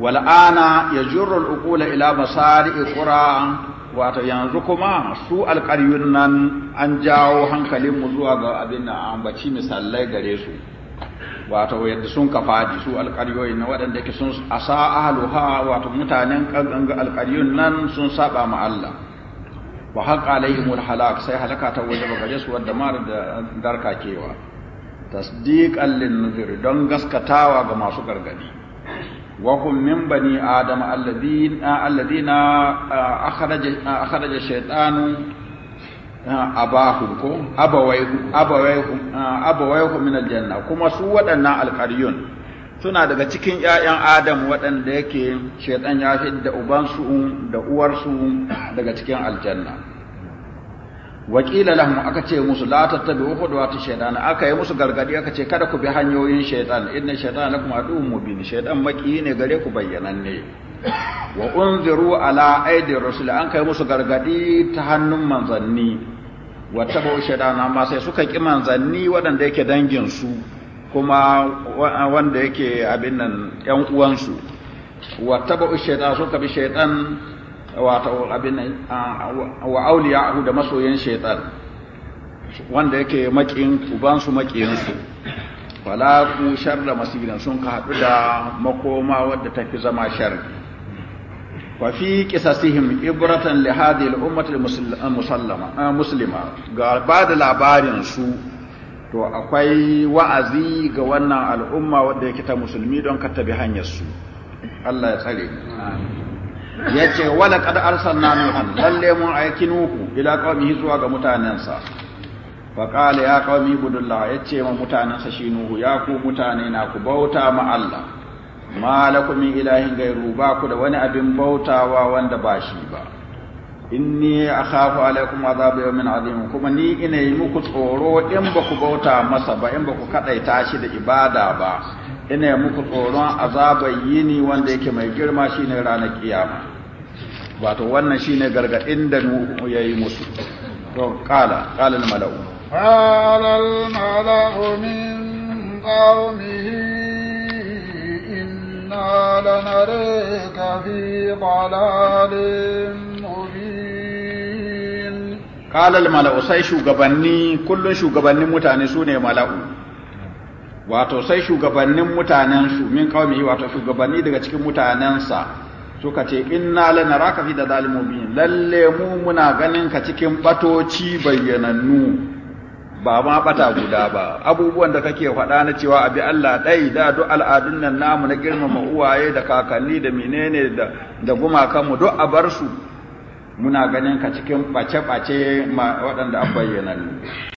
wal'ana ya jirrul uqula ila masari qura wato yanzu kuma su alƙaryun nan an jawo hankalin mu zuwa ga abin da ambaci misalai gare su wato yadda sun ji su alƙaryoyi na waɗanda ke sun asa ahluha wato mutanen alkaryun nan sun saba ma Allah wa haƙa alaihimul halak sai halaka ta waje gare su wadda mara da darka kewa tasdiqan lin nuzir don gaskatawa ga masu gargadi wa hum min bani adam alladhina alladhina akhraja akhraja shaytanu abahum ko min aljanna kuma su waɗannan alqaryun suna daga cikin ‘ya'yan Adam waɗanda yake shaiɗan ya fi da ubansu da uwarsu daga cikin aljanna. Wakila lahum aka ce musu la tattabi ta shaiɗan aka yi musu gargadi aka ce kada ku bi hanyoyin shaiɗan inna shaiɗan lakum aduwwun mubin shaiɗan maki ne gare ku bayyananne wa unziru ala aidir rasul an kai musu gargadi ta hannun manzanni wa tabu shaiɗan amma sai suka ki manzanni waɗanda yake dangin su kuma wanda yake abin nan ‘yan uwansu, wata ba'u shaitan suka bi shaitan wata abin ya auliya da masoyan shaitan wanda yake makin ubansu makiyansu. Fala ku sharra masirin sun ka haɗu da makoma wadda ta fi zama sharri. Wa fi kisasihim ibratan li hadhihi al-ummati al-muslima ga ba da labarin su to akwai wa'azi ga wannan al'umma wanda yake ta musulmi don ka tabi hanyar su Allah ya tsare ya ce wala kad arsalna nuhan lalle mun aiki nuhu ila zuwa ga mutanensa fa qala ya qaumi budullah ya ce ma mutanensa shi nuhu ya ku mutane na ku bauta ma Allah malakumin ilahin gairu ba ku da wani abin bautawa wanda ba shi ba inni akhafu alaikum azab yawmin azim kuma ni ina yi muku tsoro in ba ku bauta masa ba in ba ku kadaita shi da ibada ba ina yi muku tsoron azabai yini wanda yake mai girma shine ranar kiyama wato wannan shine gargadin da nu yayi musu to qala qala al-mala'u qala al-mala'u min qawmihi inna lanaraka fi dalalin Kalal mala'u sai shugabanni kullun shugabannin mutane sune mala'u wato sai shugabannin mutanen su min mai wato shugabanni daga cikin mutanensa suka ce inna lanaraka fi dalal lalle mu muna ganin ka cikin batoci bayyanannu ba ma bata guda ba abubuwan da kake faɗa na cewa abi Allah ɗai da duk al'adun nan namu na girmama uwaye da kakanni da menene da gumakanmu duk a bar su muna ganin ka cikin ɓace-ɓace waɗanda an